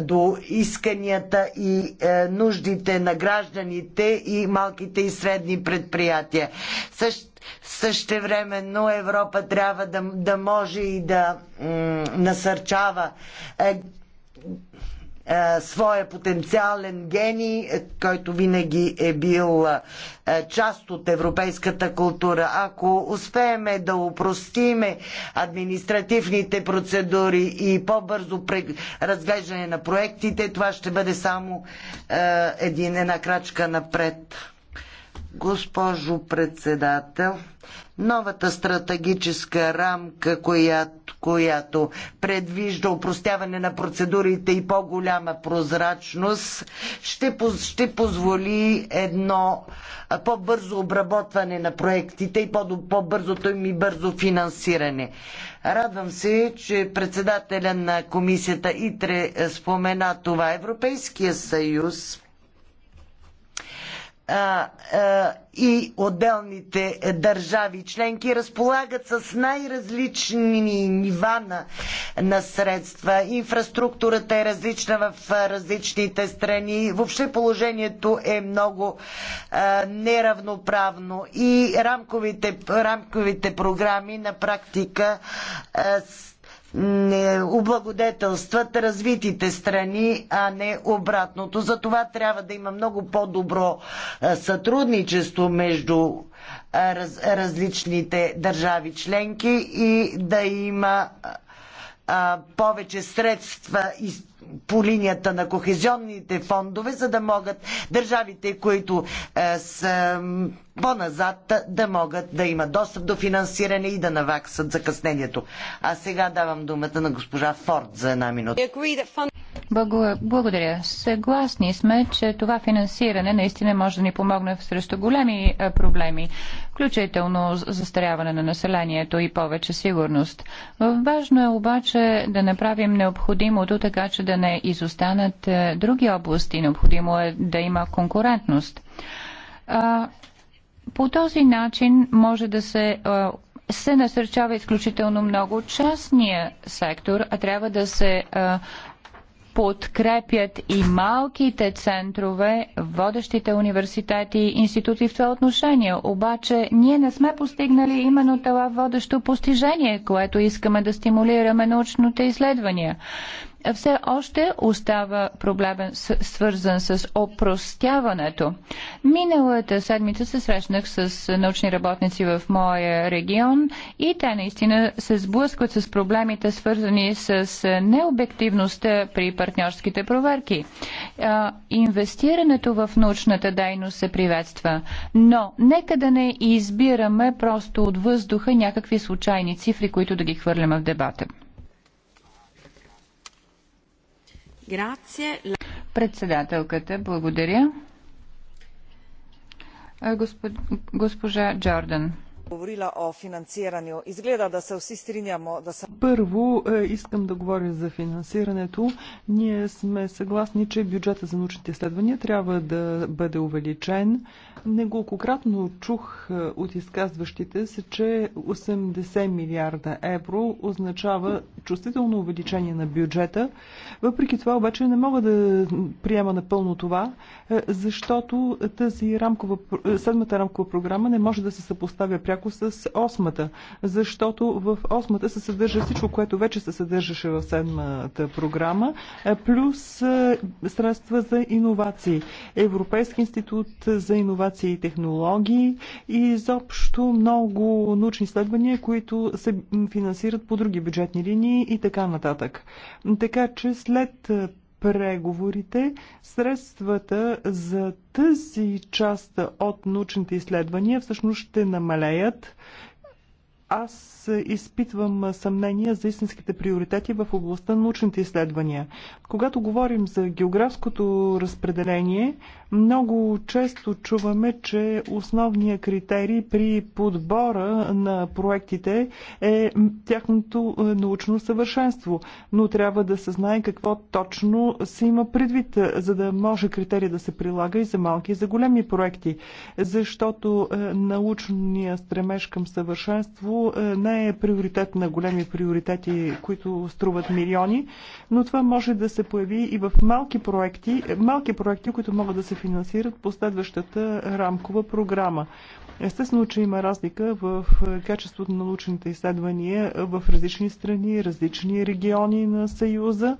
до исканията и е, нуждите на гражданите и малките и средни предприятия. Същ Същевременно Европа трябва да, да може и да насърчава е, е, своя потенциален гений, който винаги е бил е, част от европейската култура. Ако успееме да упростиме административните процедури и по-бързо разглеждане на проектите, това ще бъде само е, един, една крачка напред. Госпожо председател, новата стратегическа рамка, която, която предвижда упростяване на процедурите и по-голяма прозрачност, ще, ще позволи едно по-бързо обработване на проектите и по-бързото им и бързо финансиране. Радвам се, че председателя на комисията ИТРЕ е, спомена това. Европейския съюз и отделните държави членки разполагат с най-различни нива на, на средства. Инфраструктурата е различна в различните страни. Въобще положението е много а, неравноправно и рамковите, рамковите програми на практика а, облагодетелстват развитите страни, а не обратното. Затова трябва да има много по-добро сътрудничество между раз, различните държави членки и да има а, повече средства и по линията на кохезионните фондове, за да могат държавите, които е, са по-назад, да могат да имат достъп до финансиране и да наваксат закъснението. А сега давам думата на госпожа Форд за една минута. Благодаря. Съгласни сме, че това финансиране наистина може да ни помогне срещу големи е, проблеми, включително застаряване на населението и повече сигурност. Важно е обаче да направим необходимото, така че да да не изостанат е, други области. Необходимо е да има конкурентност. По този начин може да се се насърчава изключително много частния сектор, а трябва да се подкрепят и малките центрове, водещите университети и институти в това отношение. Обаче ние не сме постигнали именно това водещо постижение, което искаме да стимулираме научните изследвания все още остава проблемен свързан с опростяването. Миналата седмица се срещнах с научни работници в моя регион и те наистина се сблъскват с проблемите свързани с необективността при партньорските проверки. Инвестирането в научната дейност се приветства, но нека да не избираме просто от въздуха някакви случайни цифри, които да ги хвърляме в дебата. Председателката, благодаря. госпожа Джордан Първо е, искам да говоря за финансирането. Ние сме съгласни, че бюджета за научните изследвания трябва да бъде увеличен Неколкократно чух е, от изказващите се, че 80 милиарда евро означава чувствително увеличение на бюджета. Въпреки това обаче не мога да приема напълно това, е, защото тази рамкова, е, седмата рамкова програма не може да се съпоставя пряко с осмата, защото в осмата се съдържа всичко, което вече се съдържаше в седмата програма, плюс средства за иновации. Европейски институт за иновации иновации и технологии и изобщо много научни изследвания, които се финансират по други бюджетни линии и така нататък. Така че след преговорите, средствата за тази част от научните изследвания всъщност ще намалеят аз изпитвам съмнения за истинските приоритети в областта на научните изследвания. Когато говорим за географското разпределение, много често чуваме, че основният критерий при подбора на проектите е тяхното е, научно съвършенство, но трябва да се знае какво точно се има предвид, за да може критерия да се прилага и за малки и за големи проекти, защото е, научния стремеж към съвършенство първо е, не е приоритет на големи приоритети, които струват милиони, но това може да се появи и в малки проекти, малки проекти, които могат да се финансират по следващата рамкова програма. Естествено, че има разлика в е, качеството на научните изследвания в различни страни, различни региони на Съюза,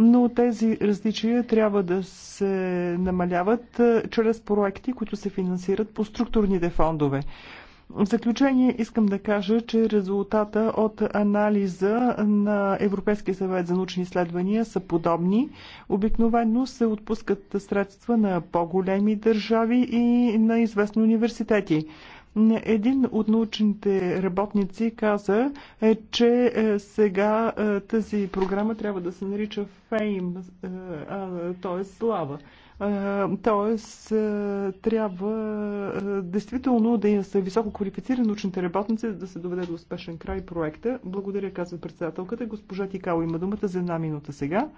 но тези различия трябва да се намаляват е, чрез проекти, които се финансират по структурните фондове. В заключение искам да кажа, че резултата от анализа на Европейския съвет за научни изследвания са подобни. Обикновено се отпускат средства на по-големи държави и на известни университети. Един от научните работници каза, е, че е, сега е, тази програма трябва да се нарича Fame, т.е. слава. Тоест, трябва действително да са високо квалифицирани научните работници, да се доведе до успешен край проекта. Благодаря, казва председателката. Госпожа Тикало има думата за една минута сега.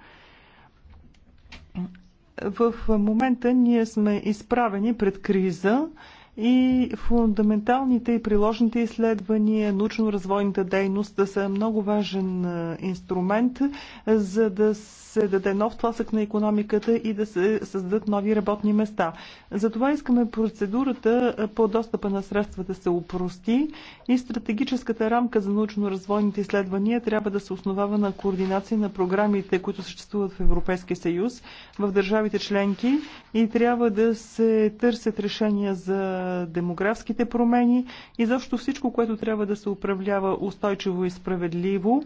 В момента ние сме изправени пред криза и фундаменталните и приложните изследвания, научно-развойната дейност да са много важен инструмент, за да се даде нов тласък на економиката и да се създадат нови работни места. Затова искаме процедурата по достъпа на средства да се упрости и стратегическата рамка за научно-развойните изследвания трябва да се основава на координация на програмите, които съществуват в Европейския съюз, в държавите членки и трябва да се търсят решения за демографските промени и защо всичко, което трябва да се управлява устойчиво и справедливо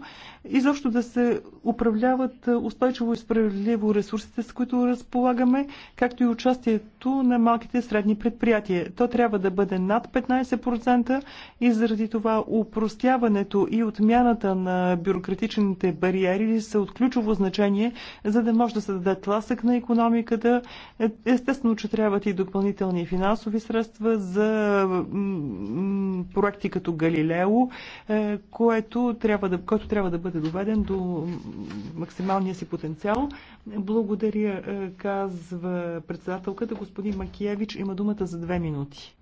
и защо да се управляват е, устойчиво и справедливо ресурсите, с които разполагаме, както и участието на малките и средни предприятия. То трябва да бъде над 15% и заради това упростяването и отмяната на бюрократичните бариери са от ключово значение, за да може да се даде тласък на економиката. Е, естествено, че трябват и допълнителни финансови средства, средства за проекти като Галилео, е, което трябва да, който трябва да бъде доведен до максималния си потенциал. Благодаря, е, казва председателката. Господин Макиевич има думата за две минути.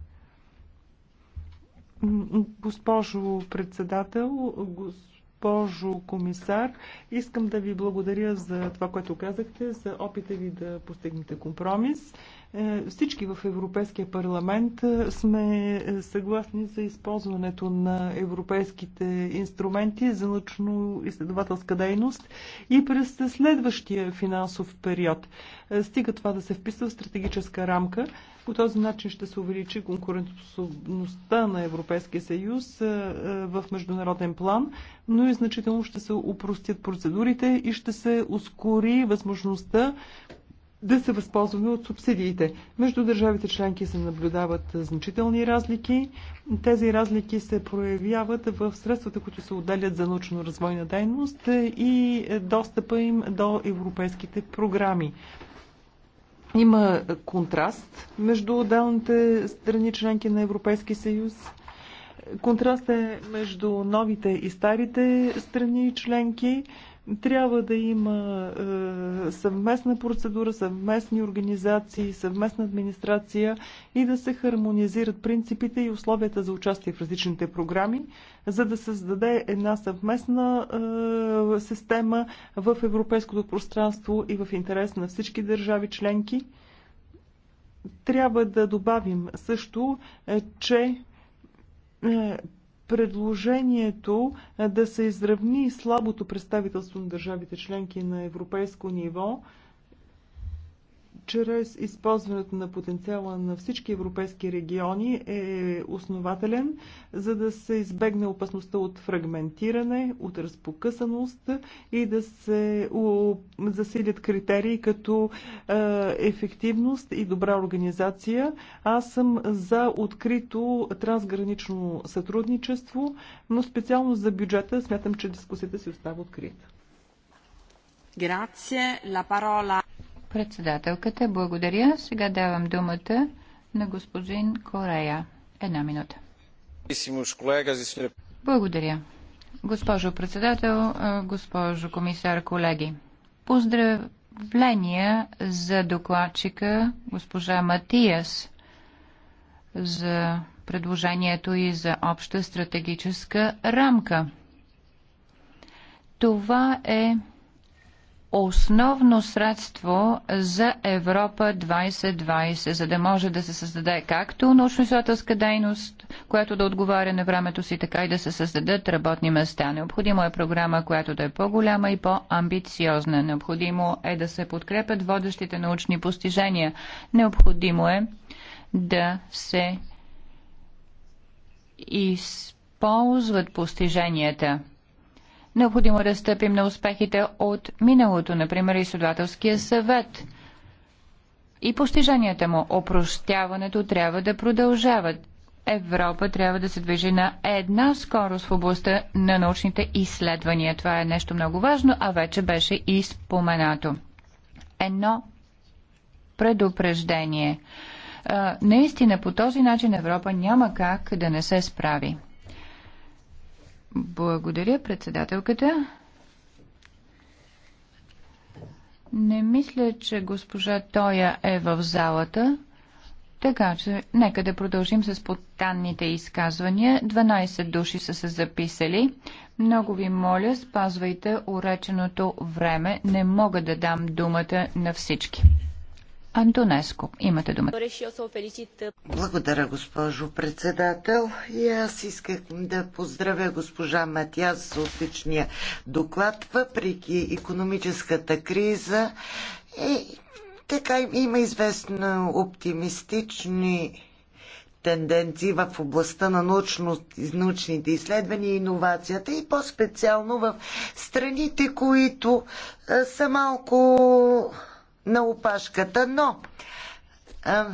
Госпожо председател, госпожо комисар. Искам да ви благодаря за това, което казахте, за опита ви да постигнете компромис. Е, всички в Европейския парламент е, сме е, съгласни за използването на европейските инструменти за научно-изследователска дейност и през следващия финансов период. Стига това да се вписва в стратегическа рамка. По този начин ще се увеличи конкурентоспособността на Европейския съюз в международен план, но и значително ще се упростят процедурите и ще се ускори възможността да се възползваме от субсидиите. Между държавите членки се наблюдават значителни разлики. Тези разлики се проявяват в средствата, които се отделят за научно-развойна дейност и достъпа им до европейските програми. Има контраст между отделните страни членки на Европейски съюз Контраст е между новите и старите страни и членки. Трябва да има е, съвместна процедура, съвместни организации, съвместна администрация и да се хармонизират принципите и условията за участие в различните програми, за да създаде една съвместна е, система в европейското пространство и в интерес на всички държави членки. Трябва да добавим също, е, че е, предложението е, да се изравни слабото представителство на държавите членки на европейско ниво чрез използването на потенциала на всички европейски региони е основателен, за да се избегне опасността от фрагментиране, от разпокъсаност и да се засилят критерии като е, ефективност и добра организация. Аз съм за открито трансгранично сътрудничество, но специално за бюджета смятам, че дискусията си остава открита. Grazie. La parola Председателката, благодаря. Сега давам думата на господин Корея. Една минута. Благодаря. Госпожо председател, госпожо комисар, колеги. Поздравления за докладчика госпожа Матиас за предложението и за обща стратегическа рамка. Това е основно средство за Европа 2020, за да може да се създаде както научно-изследователска дейност, която да отговаря на времето си, така и да се създадат работни места. Необходимо е програма, която да е по-голяма и по-амбициозна. Необходимо е да се подкрепят водещите научни постижения. Необходимо е да се използват постиженията – Необходимо е да стъпим на успехите от миналото, например изследователския съвет и постиженията му. Опростяването трябва да продължават. Европа трябва да се движи на една скорост в областта на научните изследвания. Това е нещо много важно, а вече беше и споменато. Едно предупреждение. Наистина по този начин Европа няма как да не се справи. Благодаря, председателката. Не мисля, че госпожа Тоя е в залата. Така че, нека да продължим с подтанните изказвания. 12 души са се записали. Много ви моля, спазвайте уреченото време. Не мога да дам думата на всички. Антонеско. Имате думата. Благодаря, госпожо председател. И аз исках да поздравя госпожа Матяс за отличния доклад, въпреки економическата криза. И така има известно оптимистични тенденции в областта на научно, научните изследвания и иновацията и по-специално в страните, които са малко на опашката, но а,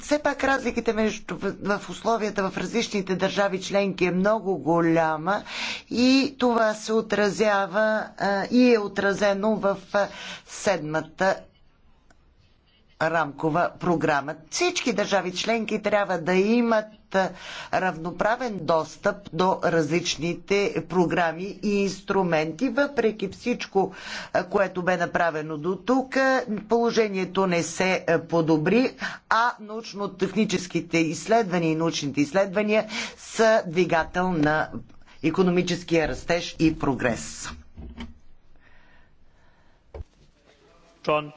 все пак разликите между, в условията в различните държави членки е много голяма и това се отразява а, и е отразено в седмата рамкова програма. Всички държави членки трябва да имат равноправен достъп до различните програми и инструменти. Въпреки всичко, което бе направено до тук, положението не се подобри, а научно-техническите изследвания и научните изследвания са двигател на економическия растеж и прогрес. John.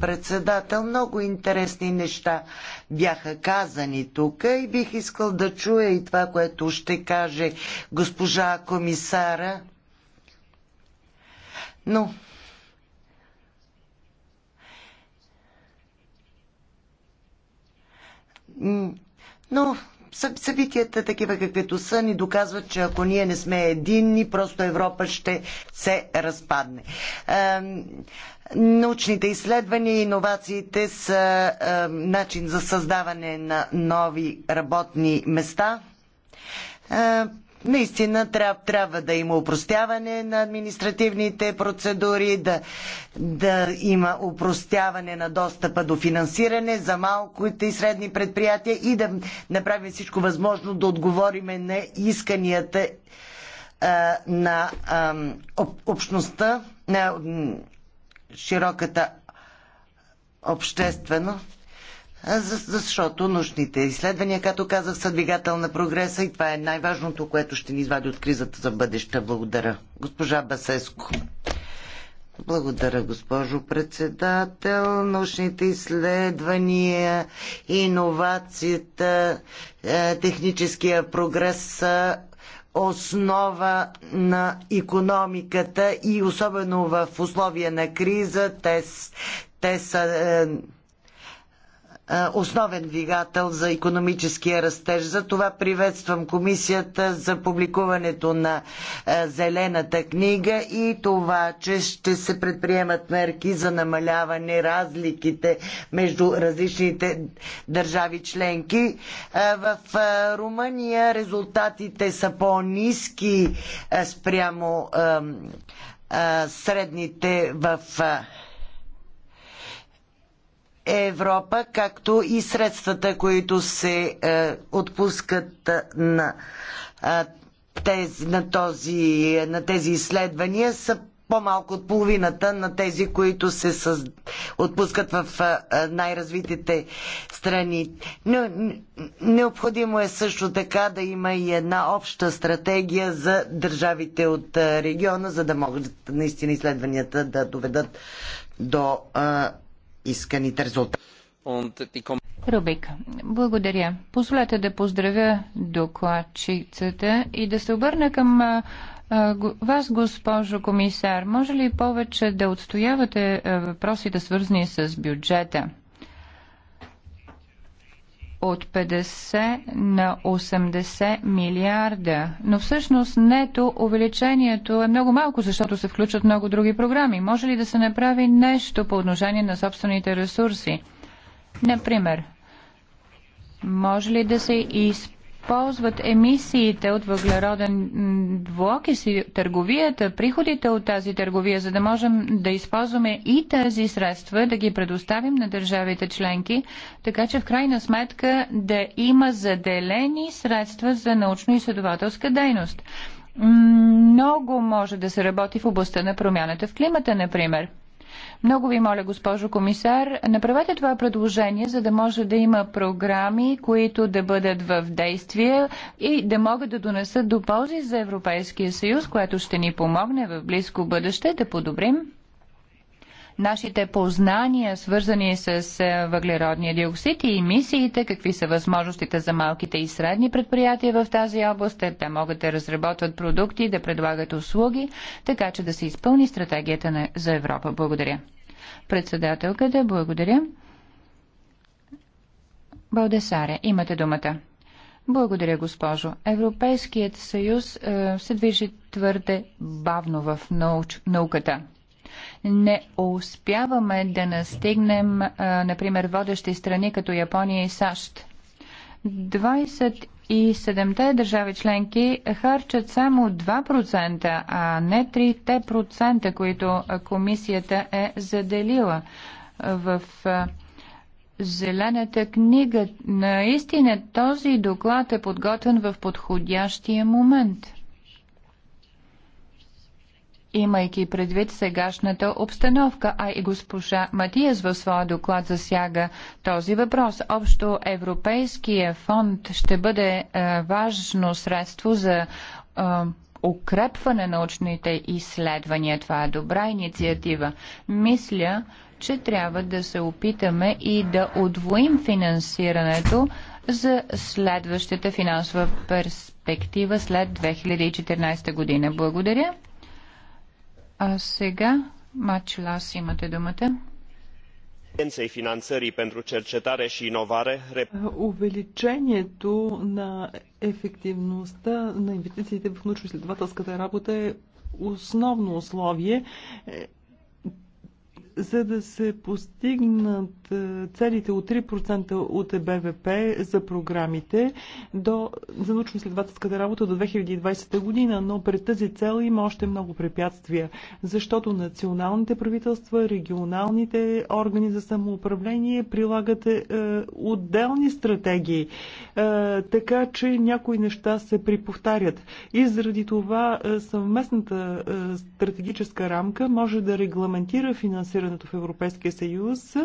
Председател, много интересни неща бяха казани тук и бих искал да чуя и това, което ще каже госпожа комисара. Но но събитията, такива каквито са, ни доказват, че ако ние не сме единни, просто Европа ще се разпадне. Научните изследвания и иновациите са начин за създаване на нови работни места Наистина трябва, трябва да има упростяване на административните процедури, да, да има упростяване на достъпа до финансиране за малките и средни предприятия и да направим всичко възможно да отговориме на исканията а, е, на а, об, общността, на широката общественост защото научните изследвания, както казах, са двигател на прогреса и това е най-важното, което ще ни извади от кризата за бъдеща. Благодаря. Госпожа Басеско. Благодаря, госпожо председател. Научните изследвания, иновацията, е, техническия прогрес са основа на економиката и особено в условия на криза те, те са е, е, основен двигател за економическия растеж. Затова приветствам комисията за публикуването на е, зелената книга и това, че ще се предприемат мерки за намаляване разликите между различните държави членки. Е, в Румъния резултатите са по-низки спрямо средните в Европа, както и средствата, които се е, отпускат е, на, е, тези, на, този, на тези изследвания, са по-малко от половината на тези, които се съз... отпускат в най-развитите страни. Но, необходимо е също така да има и една обща стратегия за държавите от региона, за да могат наистина изследванията да доведат до а, исканите резултати. Рубик, благодаря. Позволете да поздравя докладчицата и да се обърна към вас, госпожо комисар. Може ли повече да отстоявате въпросите, свързани с бюджета? от 50 на 80 милиарда. Но всъщност нето увеличението е много малко, защото се включват много други програми. Може ли да се направи нещо по отношение на собствените ресурси? Например, може ли да се използват ползват емисиите от въглероден двуокис и търговията, приходите от тази търговия, за да можем да използваме и тези средства, да ги предоставим на държавите членки, така че в крайна сметка да има заделени средства за научно-изследователска дейност. Много може да се работи в областта на промяната в климата, например. Много ви моля, госпожо комисар, направете това предложение, за да може да има програми, които да бъдат в действие и да могат да донесат до ползи за Европейския съюз, което ще ни помогне в близко бъдеще да подобрим нашите познания, свързани с е, въглеродния диоксид и емисиите, какви са възможностите за малките и средни предприятия в тази област. Те могат да разработват продукти, да предлагат услуги, така че да се изпълни стратегията на, за Европа. Благодаря. Председателката, да благодаря. Балдесаре, имате думата. Благодаря, госпожо. Европейският съюз е, се движи твърде бавно в науч, науката не успяваме да настигнем, например, водещи страни като Япония и САЩ. 27-те държави членки харчат само 2%, а не 3%, които комисията е заделила в Зелената книга. Наистина този доклад е подготвен в подходящия момент имайки предвид сегашната обстановка, а и госпожа Матиас в своя доклад засяга този въпрос. Общо Европейския фонд ще бъде е, важно средство за е, укрепване на научните изследвания. Това е добра инициатива. Мисля, че трябва да се опитаме и да отвоим финансирането за следващата финансова перспектива след 2014 година. Благодаря. А сега, Мачлас, имате думата. финансării pentru cercetare și inovare. Увеличението на ефективността на инвестициите в научно-изследователската работа е основно условие е, за да се постигнат е, целите от 3% от БВП за програмите до, за научно-следователската работа до 2020 година, но пред тази цел има още много препятствия, защото националните правителства, регионалните органи за самоуправление прилагат е, отделни стратегии, е, така че някои неща се приповтарят. И заради това е, съвместната е, стратегическа рамка може да регламентира финансирането интегрирането в Европейския съюз,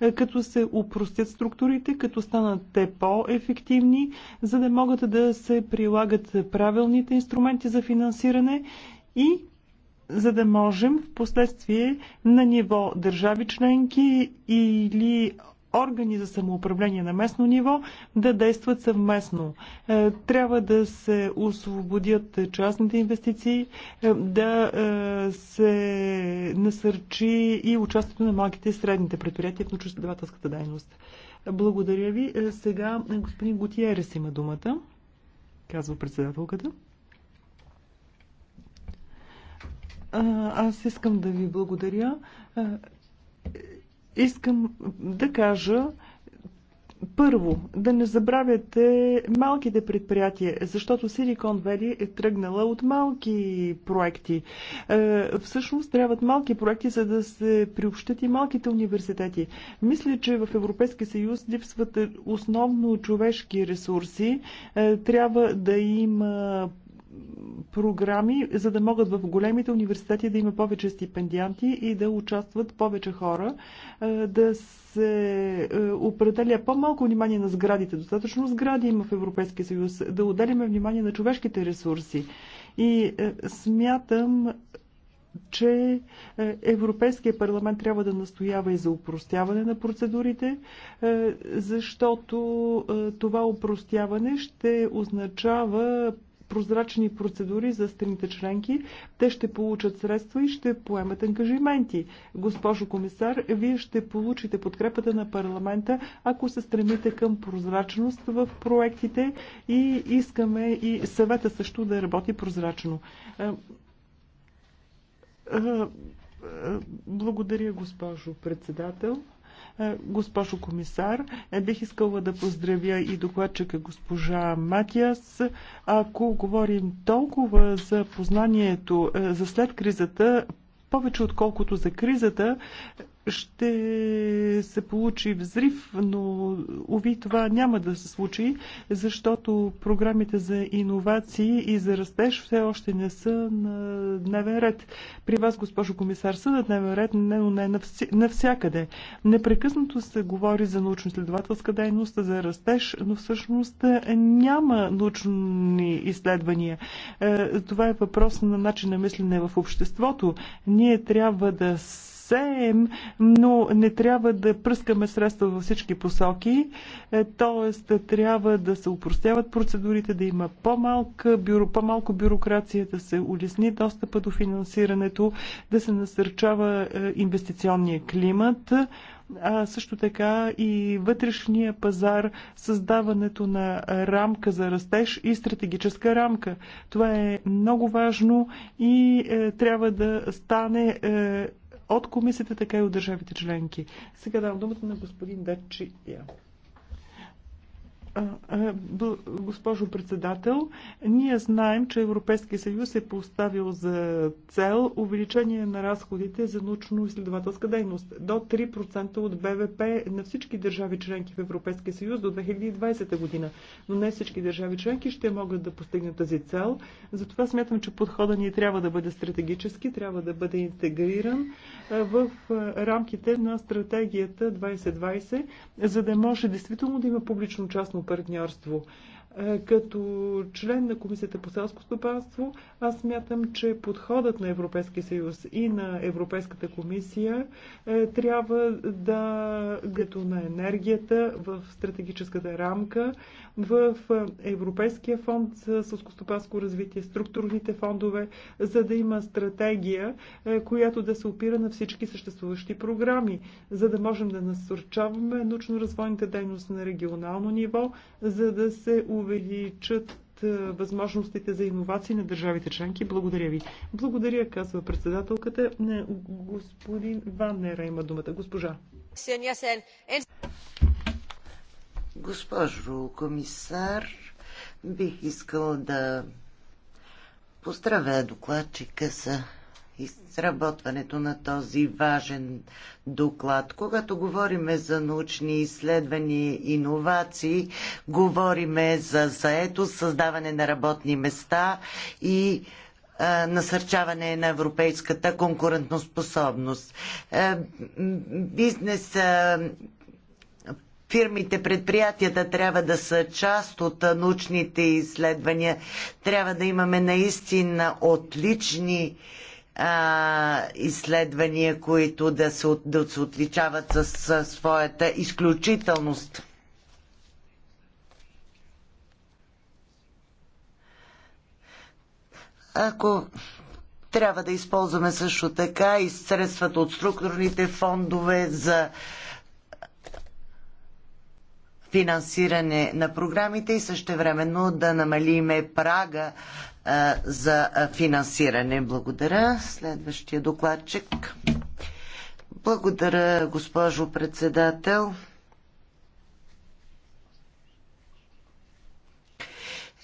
е, като се упростят структурите, като станат те по-ефективни, за да могат да се прилагат правилните инструменти за финансиране и за да можем в последствие на ниво държави членки или органи за самоуправление на местно ниво да действат съвместно. Е, трябва да се освободят частните инвестиции, е, да е, се насърчи и участието на малките и средните предприятия в научно-изследователската дейност. Благодаря ви. Сега господин Гутиерес, има думата, казва председателката. Аз искам да ви благодаря. Искам да кажа, първо, да не забравяте малките предприятия, защото Силикон Вели е тръгнала от малки проекти. Е, всъщност трябват малки проекти, за да се приобщат и малките университети. Мисля, че в Европейския съюз липсват основно човешки ресурси. Е, трябва да има програми, за да могат в големите университети да има повече стипендианти и да участват повече хора, е, да се е, определя по-малко внимание на сградите. Достатъчно сгради има в Европейския съюз, да отделяме внимание на човешките ресурси. И е, смятам, че Европейския парламент трябва да настоява и за упростяване на процедурите, защото това упростяване ще означава прозрачни процедури за страните членки. Те ще получат средства и ще поемат ангажименти. Госпожо комисар, вие ще получите подкрепата на парламента, ако се стремите към прозрачност в проектите и искаме и съвета също да работи прозрачно. Е, е, е, благодаря, госпожо председател. Е, госпожо комисар, е, бих искала да поздравя и докладчика госпожа Матиас. Ако говорим толкова за познанието е, за след кризата, повече отколкото за кризата, ще се получи взрив, но уви това няма да се случи, защото програмите за иновации и за растеж все още не са на дневен ред. При вас, госпожо комисар, са на дневен ред, не, но не навсякъде. Непрекъснато се говори за научно-изследователска дейност, за растеж, но всъщност няма научни изследвания. Е, това е въпрос на начин на мислене в обществото. Ние трябва да сеем, но не трябва да пръскаме средства във всички посоки. Е, тоест, трябва да се упростяват процедурите, да има по-малко, бюро, по-малко бюрокрация, да се улесни достъпа до финансирането, да се насърчава е, инвестиционния климат а също така и вътрешния пазар, създаването на рамка за растеж и стратегическа рамка. Това е много важно и е, трябва да стане е, от комисията, така и от държавите членки. Сега давам думата на господин Дачи. Yeah. Госпожо председател, ние знаем, че Европейския съюз е поставил за цел увеличение на разходите за научно-изследователска дейност до 3% от БВП на всички държави членки в Европейския съюз до 2020 година. Но не всички държави членки ще могат да постигнат тази цел. Затова смятам, че подхода ни трябва да бъде стратегически, трябва да бъде интегриран в рамките на стратегията 2020, за да може действително да има публично-частно партньорство. Е, като член на Комисията по селско стопанство, аз смятам, че подходът на Европейския съюз и на Европейската комисия е, трябва да като на енергията в стратегическата рамка, в Европейския фонд за селскостопанско развитие, структурните фондове, за да има стратегия, е, която да се опира на всички съществуващи програми, за да можем да насърчаваме научно развойните дейности на регионално ниво, за да се увеличат е, възможностите за иновации на държавите членки. Благодаря ви. Благодаря, казва председателката. Е, господин Ваннера има думата. Госпожа. Госпожо комисар, бих искала да поздравя докладчика за изработването на този важен доклад. Когато говориме за научни изследвания и иновации, говориме за заето, създаване на работни места и насърчаване на европейската конкурентоспособност. Е, бизнес фирмите, предприятията трябва да са част от научните изследвания. Трябва да имаме наистина отлични а, изследвания, които да се, да се отличават с, своята изключителност. Ако трябва да използваме също така и средствата от структурните фондове за финансиране на програмите и същевременно да намалиме прага за финансиране. Благодаря. Следващия докладчик. Благодаря, госпожо председател.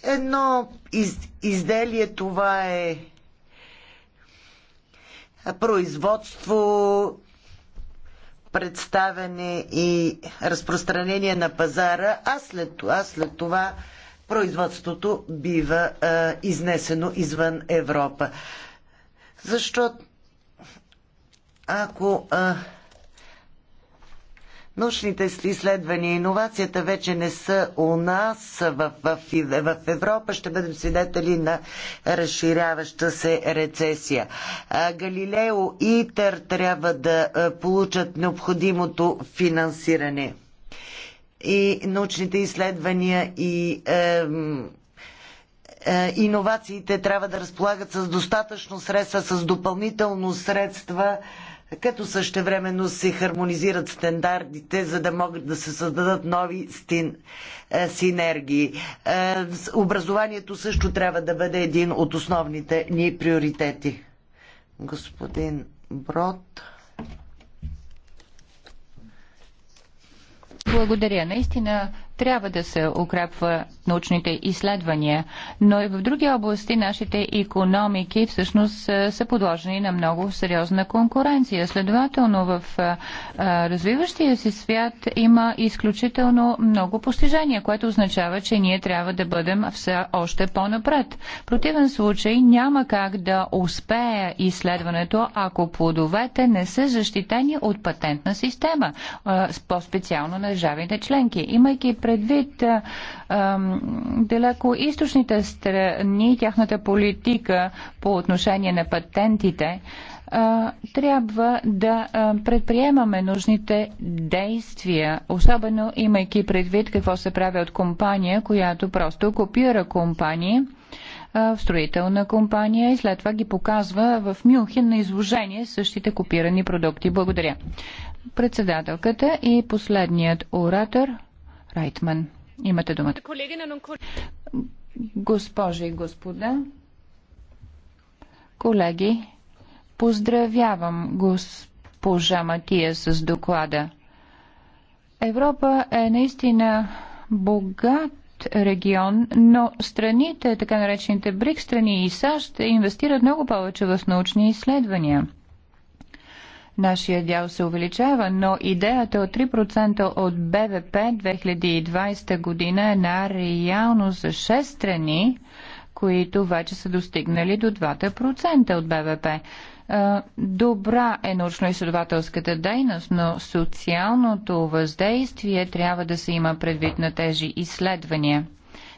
Едно из, изделие това е производство, представяне и разпространение на пазара, а след, а след това производството бива а, е, изнесено извън Европа. Защо ако а, е, научните изследвания и иновацията вече не са у нас в, в, в Европа, ще бъдем свидетели на разширяваща се рецесия. А, Галилео и ИТЕР трябва да а, е, получат необходимото финансиране и научните изследвания и е, е, иновациите трябва да разполагат с достатъчно средства, с допълнително средства, като същевременно се хармонизират стандартите, за да могат да се създадат нови стин, е, синергии. Е, образованието също трябва да бъде един от основните ни приоритети. Господин Брод. Благодаря. Наистина трябва да се укрепва научните изследвания, но и в други области нашите економики всъщност е, са подложени на много сериозна конкуренция. Следователно в е, е, развиващия си свят има изключително много постижения, което означава, че ние трябва да бъдем все още по-напред. В противен случай няма как да успее изследването, ако плодовете не са защитени от патентна система, по-специално на държавите членки. Имайки пред предвид далеко източните страни, тяхната политика по отношение на патентите, трябва да предприемаме нужните действия, особено имайки предвид какво се прави от компания, която просто копира компании в строителна компания и след това ги показва в Мюнхен на изложение същите копирани продукти. Благодаря. Председателката и последният оратор Райтман. Имате думата. Госпожи и господа, колеги, поздравявам госпожа Матия с доклада. Европа е наистина богат регион, но страните, така наречените БРИК страни и САЩ, инвестират много повече в научни изследвания – Нашия дял се увеличава, но идеята от 3% от БВП 2020 година е една реално за 6 страни, които вече са достигнали до 2% от БВП. Е, добра е научно-изследователската дейност, но социалното въздействие трябва да се има предвид на тези изследвания.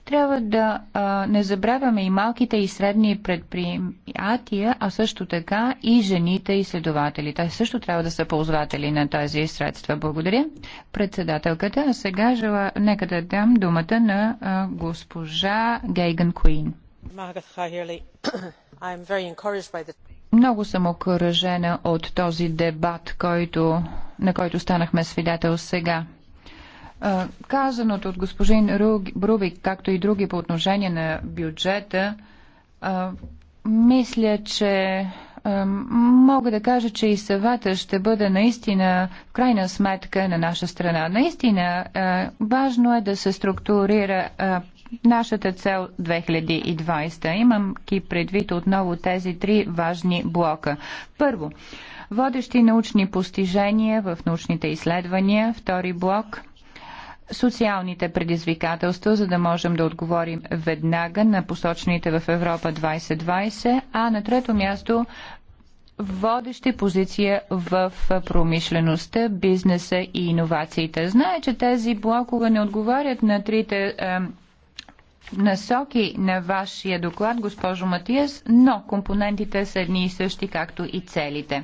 Трябва да а, не забравяме и малките и средни предприятия, а също така и жените и следователи. Те Също трябва да са ползватели на тези средства. Благодаря. Председателката, а сега жела... нека да дам думата на а, госпожа Гейган Куин. Много съм окоръжена от този дебат, който, на който станахме свидетел сега. Казаното от господин Брубик, както и други по отношение на бюджета, мисля, че мога да кажа, че и съвета ще бъде наистина в крайна сметка на наша страна. Наистина важно е да се структурира нашата цел 2020. Имам ки предвид отново тези три важни блока. Първо, водещи научни постижения в научните изследвания. Втори блок – социалните предизвикателства, за да можем да отговорим веднага на посочените в Европа 2020, а на трето място водещи позиция в промишлеността, бизнеса и иновациите. Знае, че тези блокове не отговарят на трите е, насоки на вашия доклад, госпожо Матиас, но компонентите са едни и същи, както и целите.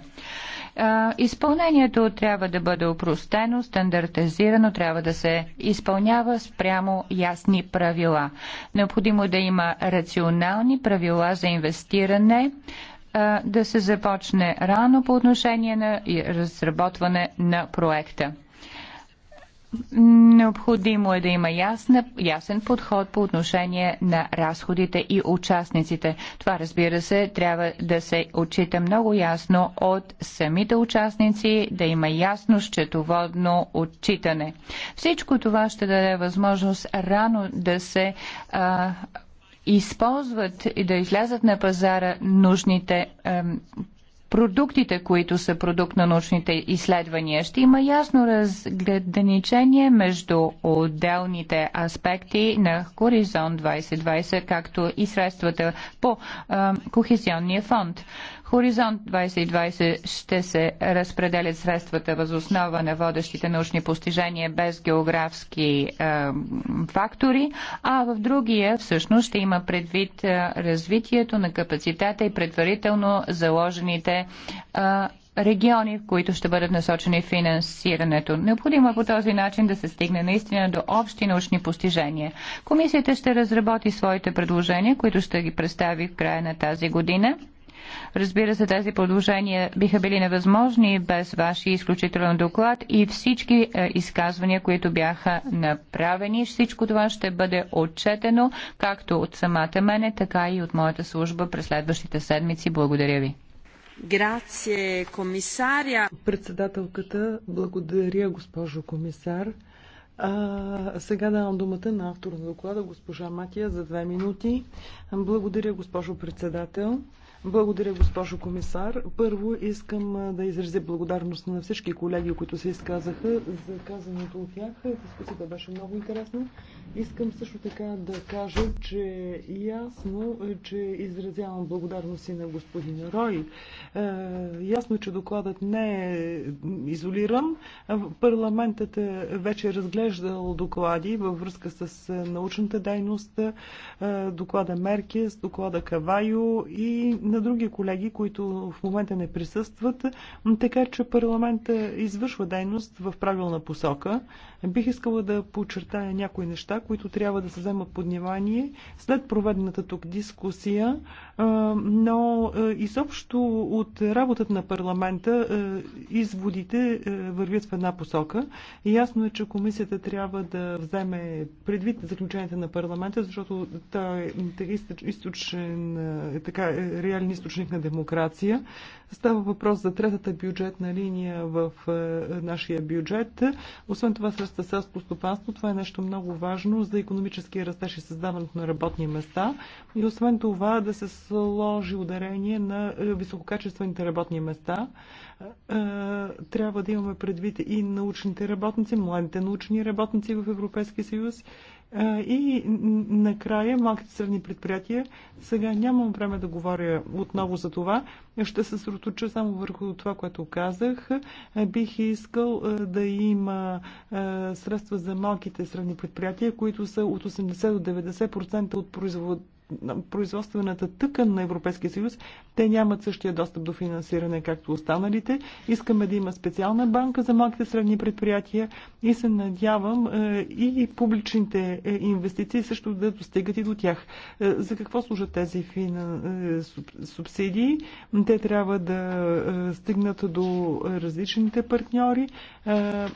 Изпълнението трябва да бъде опростено, стандартизирано, трябва да се изпълнява спрямо ясни правила. Необходимо е да има рационални правила за инвестиране, да се започне рано по отношение на разработване на проекта. Необходимо е да има ясна, ясен подход по отношение на разходите и участниците. Това, разбира се, трябва да се отчита много ясно от самите участници, да има ясно счетоводно отчитане. Всичко това ще даде възможност рано да се а, използват и да излязат на пазара нужните А, продуктите, които са продукт на научните изследвания. Ще има ясно разграничение между отделните аспекти на Хоризонт 2020, както и средствата по а, Кохезионния фонд. Хоризонт 2020 ще се разпределят средствата възоснова на водещите научни постижения без географски е, фактори, а в другия всъщност ще има предвид е, развитието на капацитета и предварително заложените е, региони, в които ще бъдат насочени финансирането. Необходимо е по този начин да се стигне наистина до общи научни постижения. Комисията ще разработи своите предложения, които ще ги представи в края на тази година Разбира се, тези предложения биха били невъзможни без вашия изключителен доклад и всички е, изказвания, които бяха направени. Всичко това ще бъде отчетено както от самата мене, така и от моята служба през следващите седмици. Благодаря ви. Грация, комисаря. Председателката, благодаря, госпожо комисар. А, сега давам думата на автора на доклада, госпожа Матия, за две минути. Благодаря, госпожо председател. Благодаря, госпожо комисар. Първо искам да изразя благодарност на всички колеги, които се изказаха за казаното от тях. Дискусията беше много интересна. Искам също така да кажа, че ясно, е, че изразявам благодарност и на господин Рой. Е, ясно, че докладът не е изолиран. Парламентът е вече разглеждал доклади във връзка с е, научната дейност, доклада Меркес, доклада Кавайо и на други колеги, които в момента не присъстват, така че парламента извършва дейност в правилна посока. Бих искала да подчертая някои неща, които трябва да се вземат под внимание след проведената тук дискусия, но изобщо от работата на парламента изводите вървят в една посока. Ясно е, че комисията трябва да вземе предвид заключенията на парламента, защото той е източен така, е, реален реален източник на демокрация. Става въпрос за третата бюджетна линия в е, нашия бюджет. Освен това, средства селско стопанство, това е нещо много важно за економическия растеж и създаването на работни места. И освен това, да се сложи ударение на е, висококачествените работни места. Е, трябва да имаме предвид и научните работници, младите научни работници в Европейския съюз и накрая малките средни предприятия. Сега нямам време да говоря отново за това. Ще се сроточа само върху това, което казах. Бих искал да има средства за малките средни предприятия, които са от 80 до 90% от производителите производствената тъкан на Европейския съюз, те нямат същия достъп до финансиране, както останалите. Искаме да има специална банка за малките средни предприятия и се надявам е, и публичните е, инвестиции също да достигат и до тях. Е, за какво служат тези финан... субсидии? Те трябва да стигнат до различните партньори,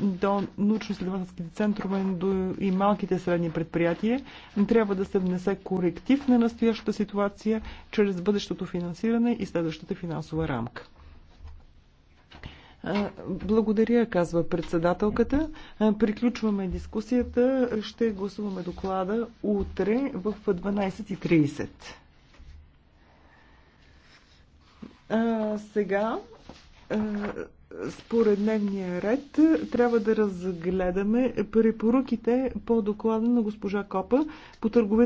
до научно-следователските центрове до и малките средни предприятия. Трябва да се внесе коректив на настоящата ситуация чрез бъдещото финансиране и следващата финансова рамка. Благодаря, казва председателката. Приключваме дискусията. Ще гласуваме доклада утре в 12.30. А, сега, а, според дневния ред, трябва да разгледаме препоръките по доклада на госпожа Копа по търговете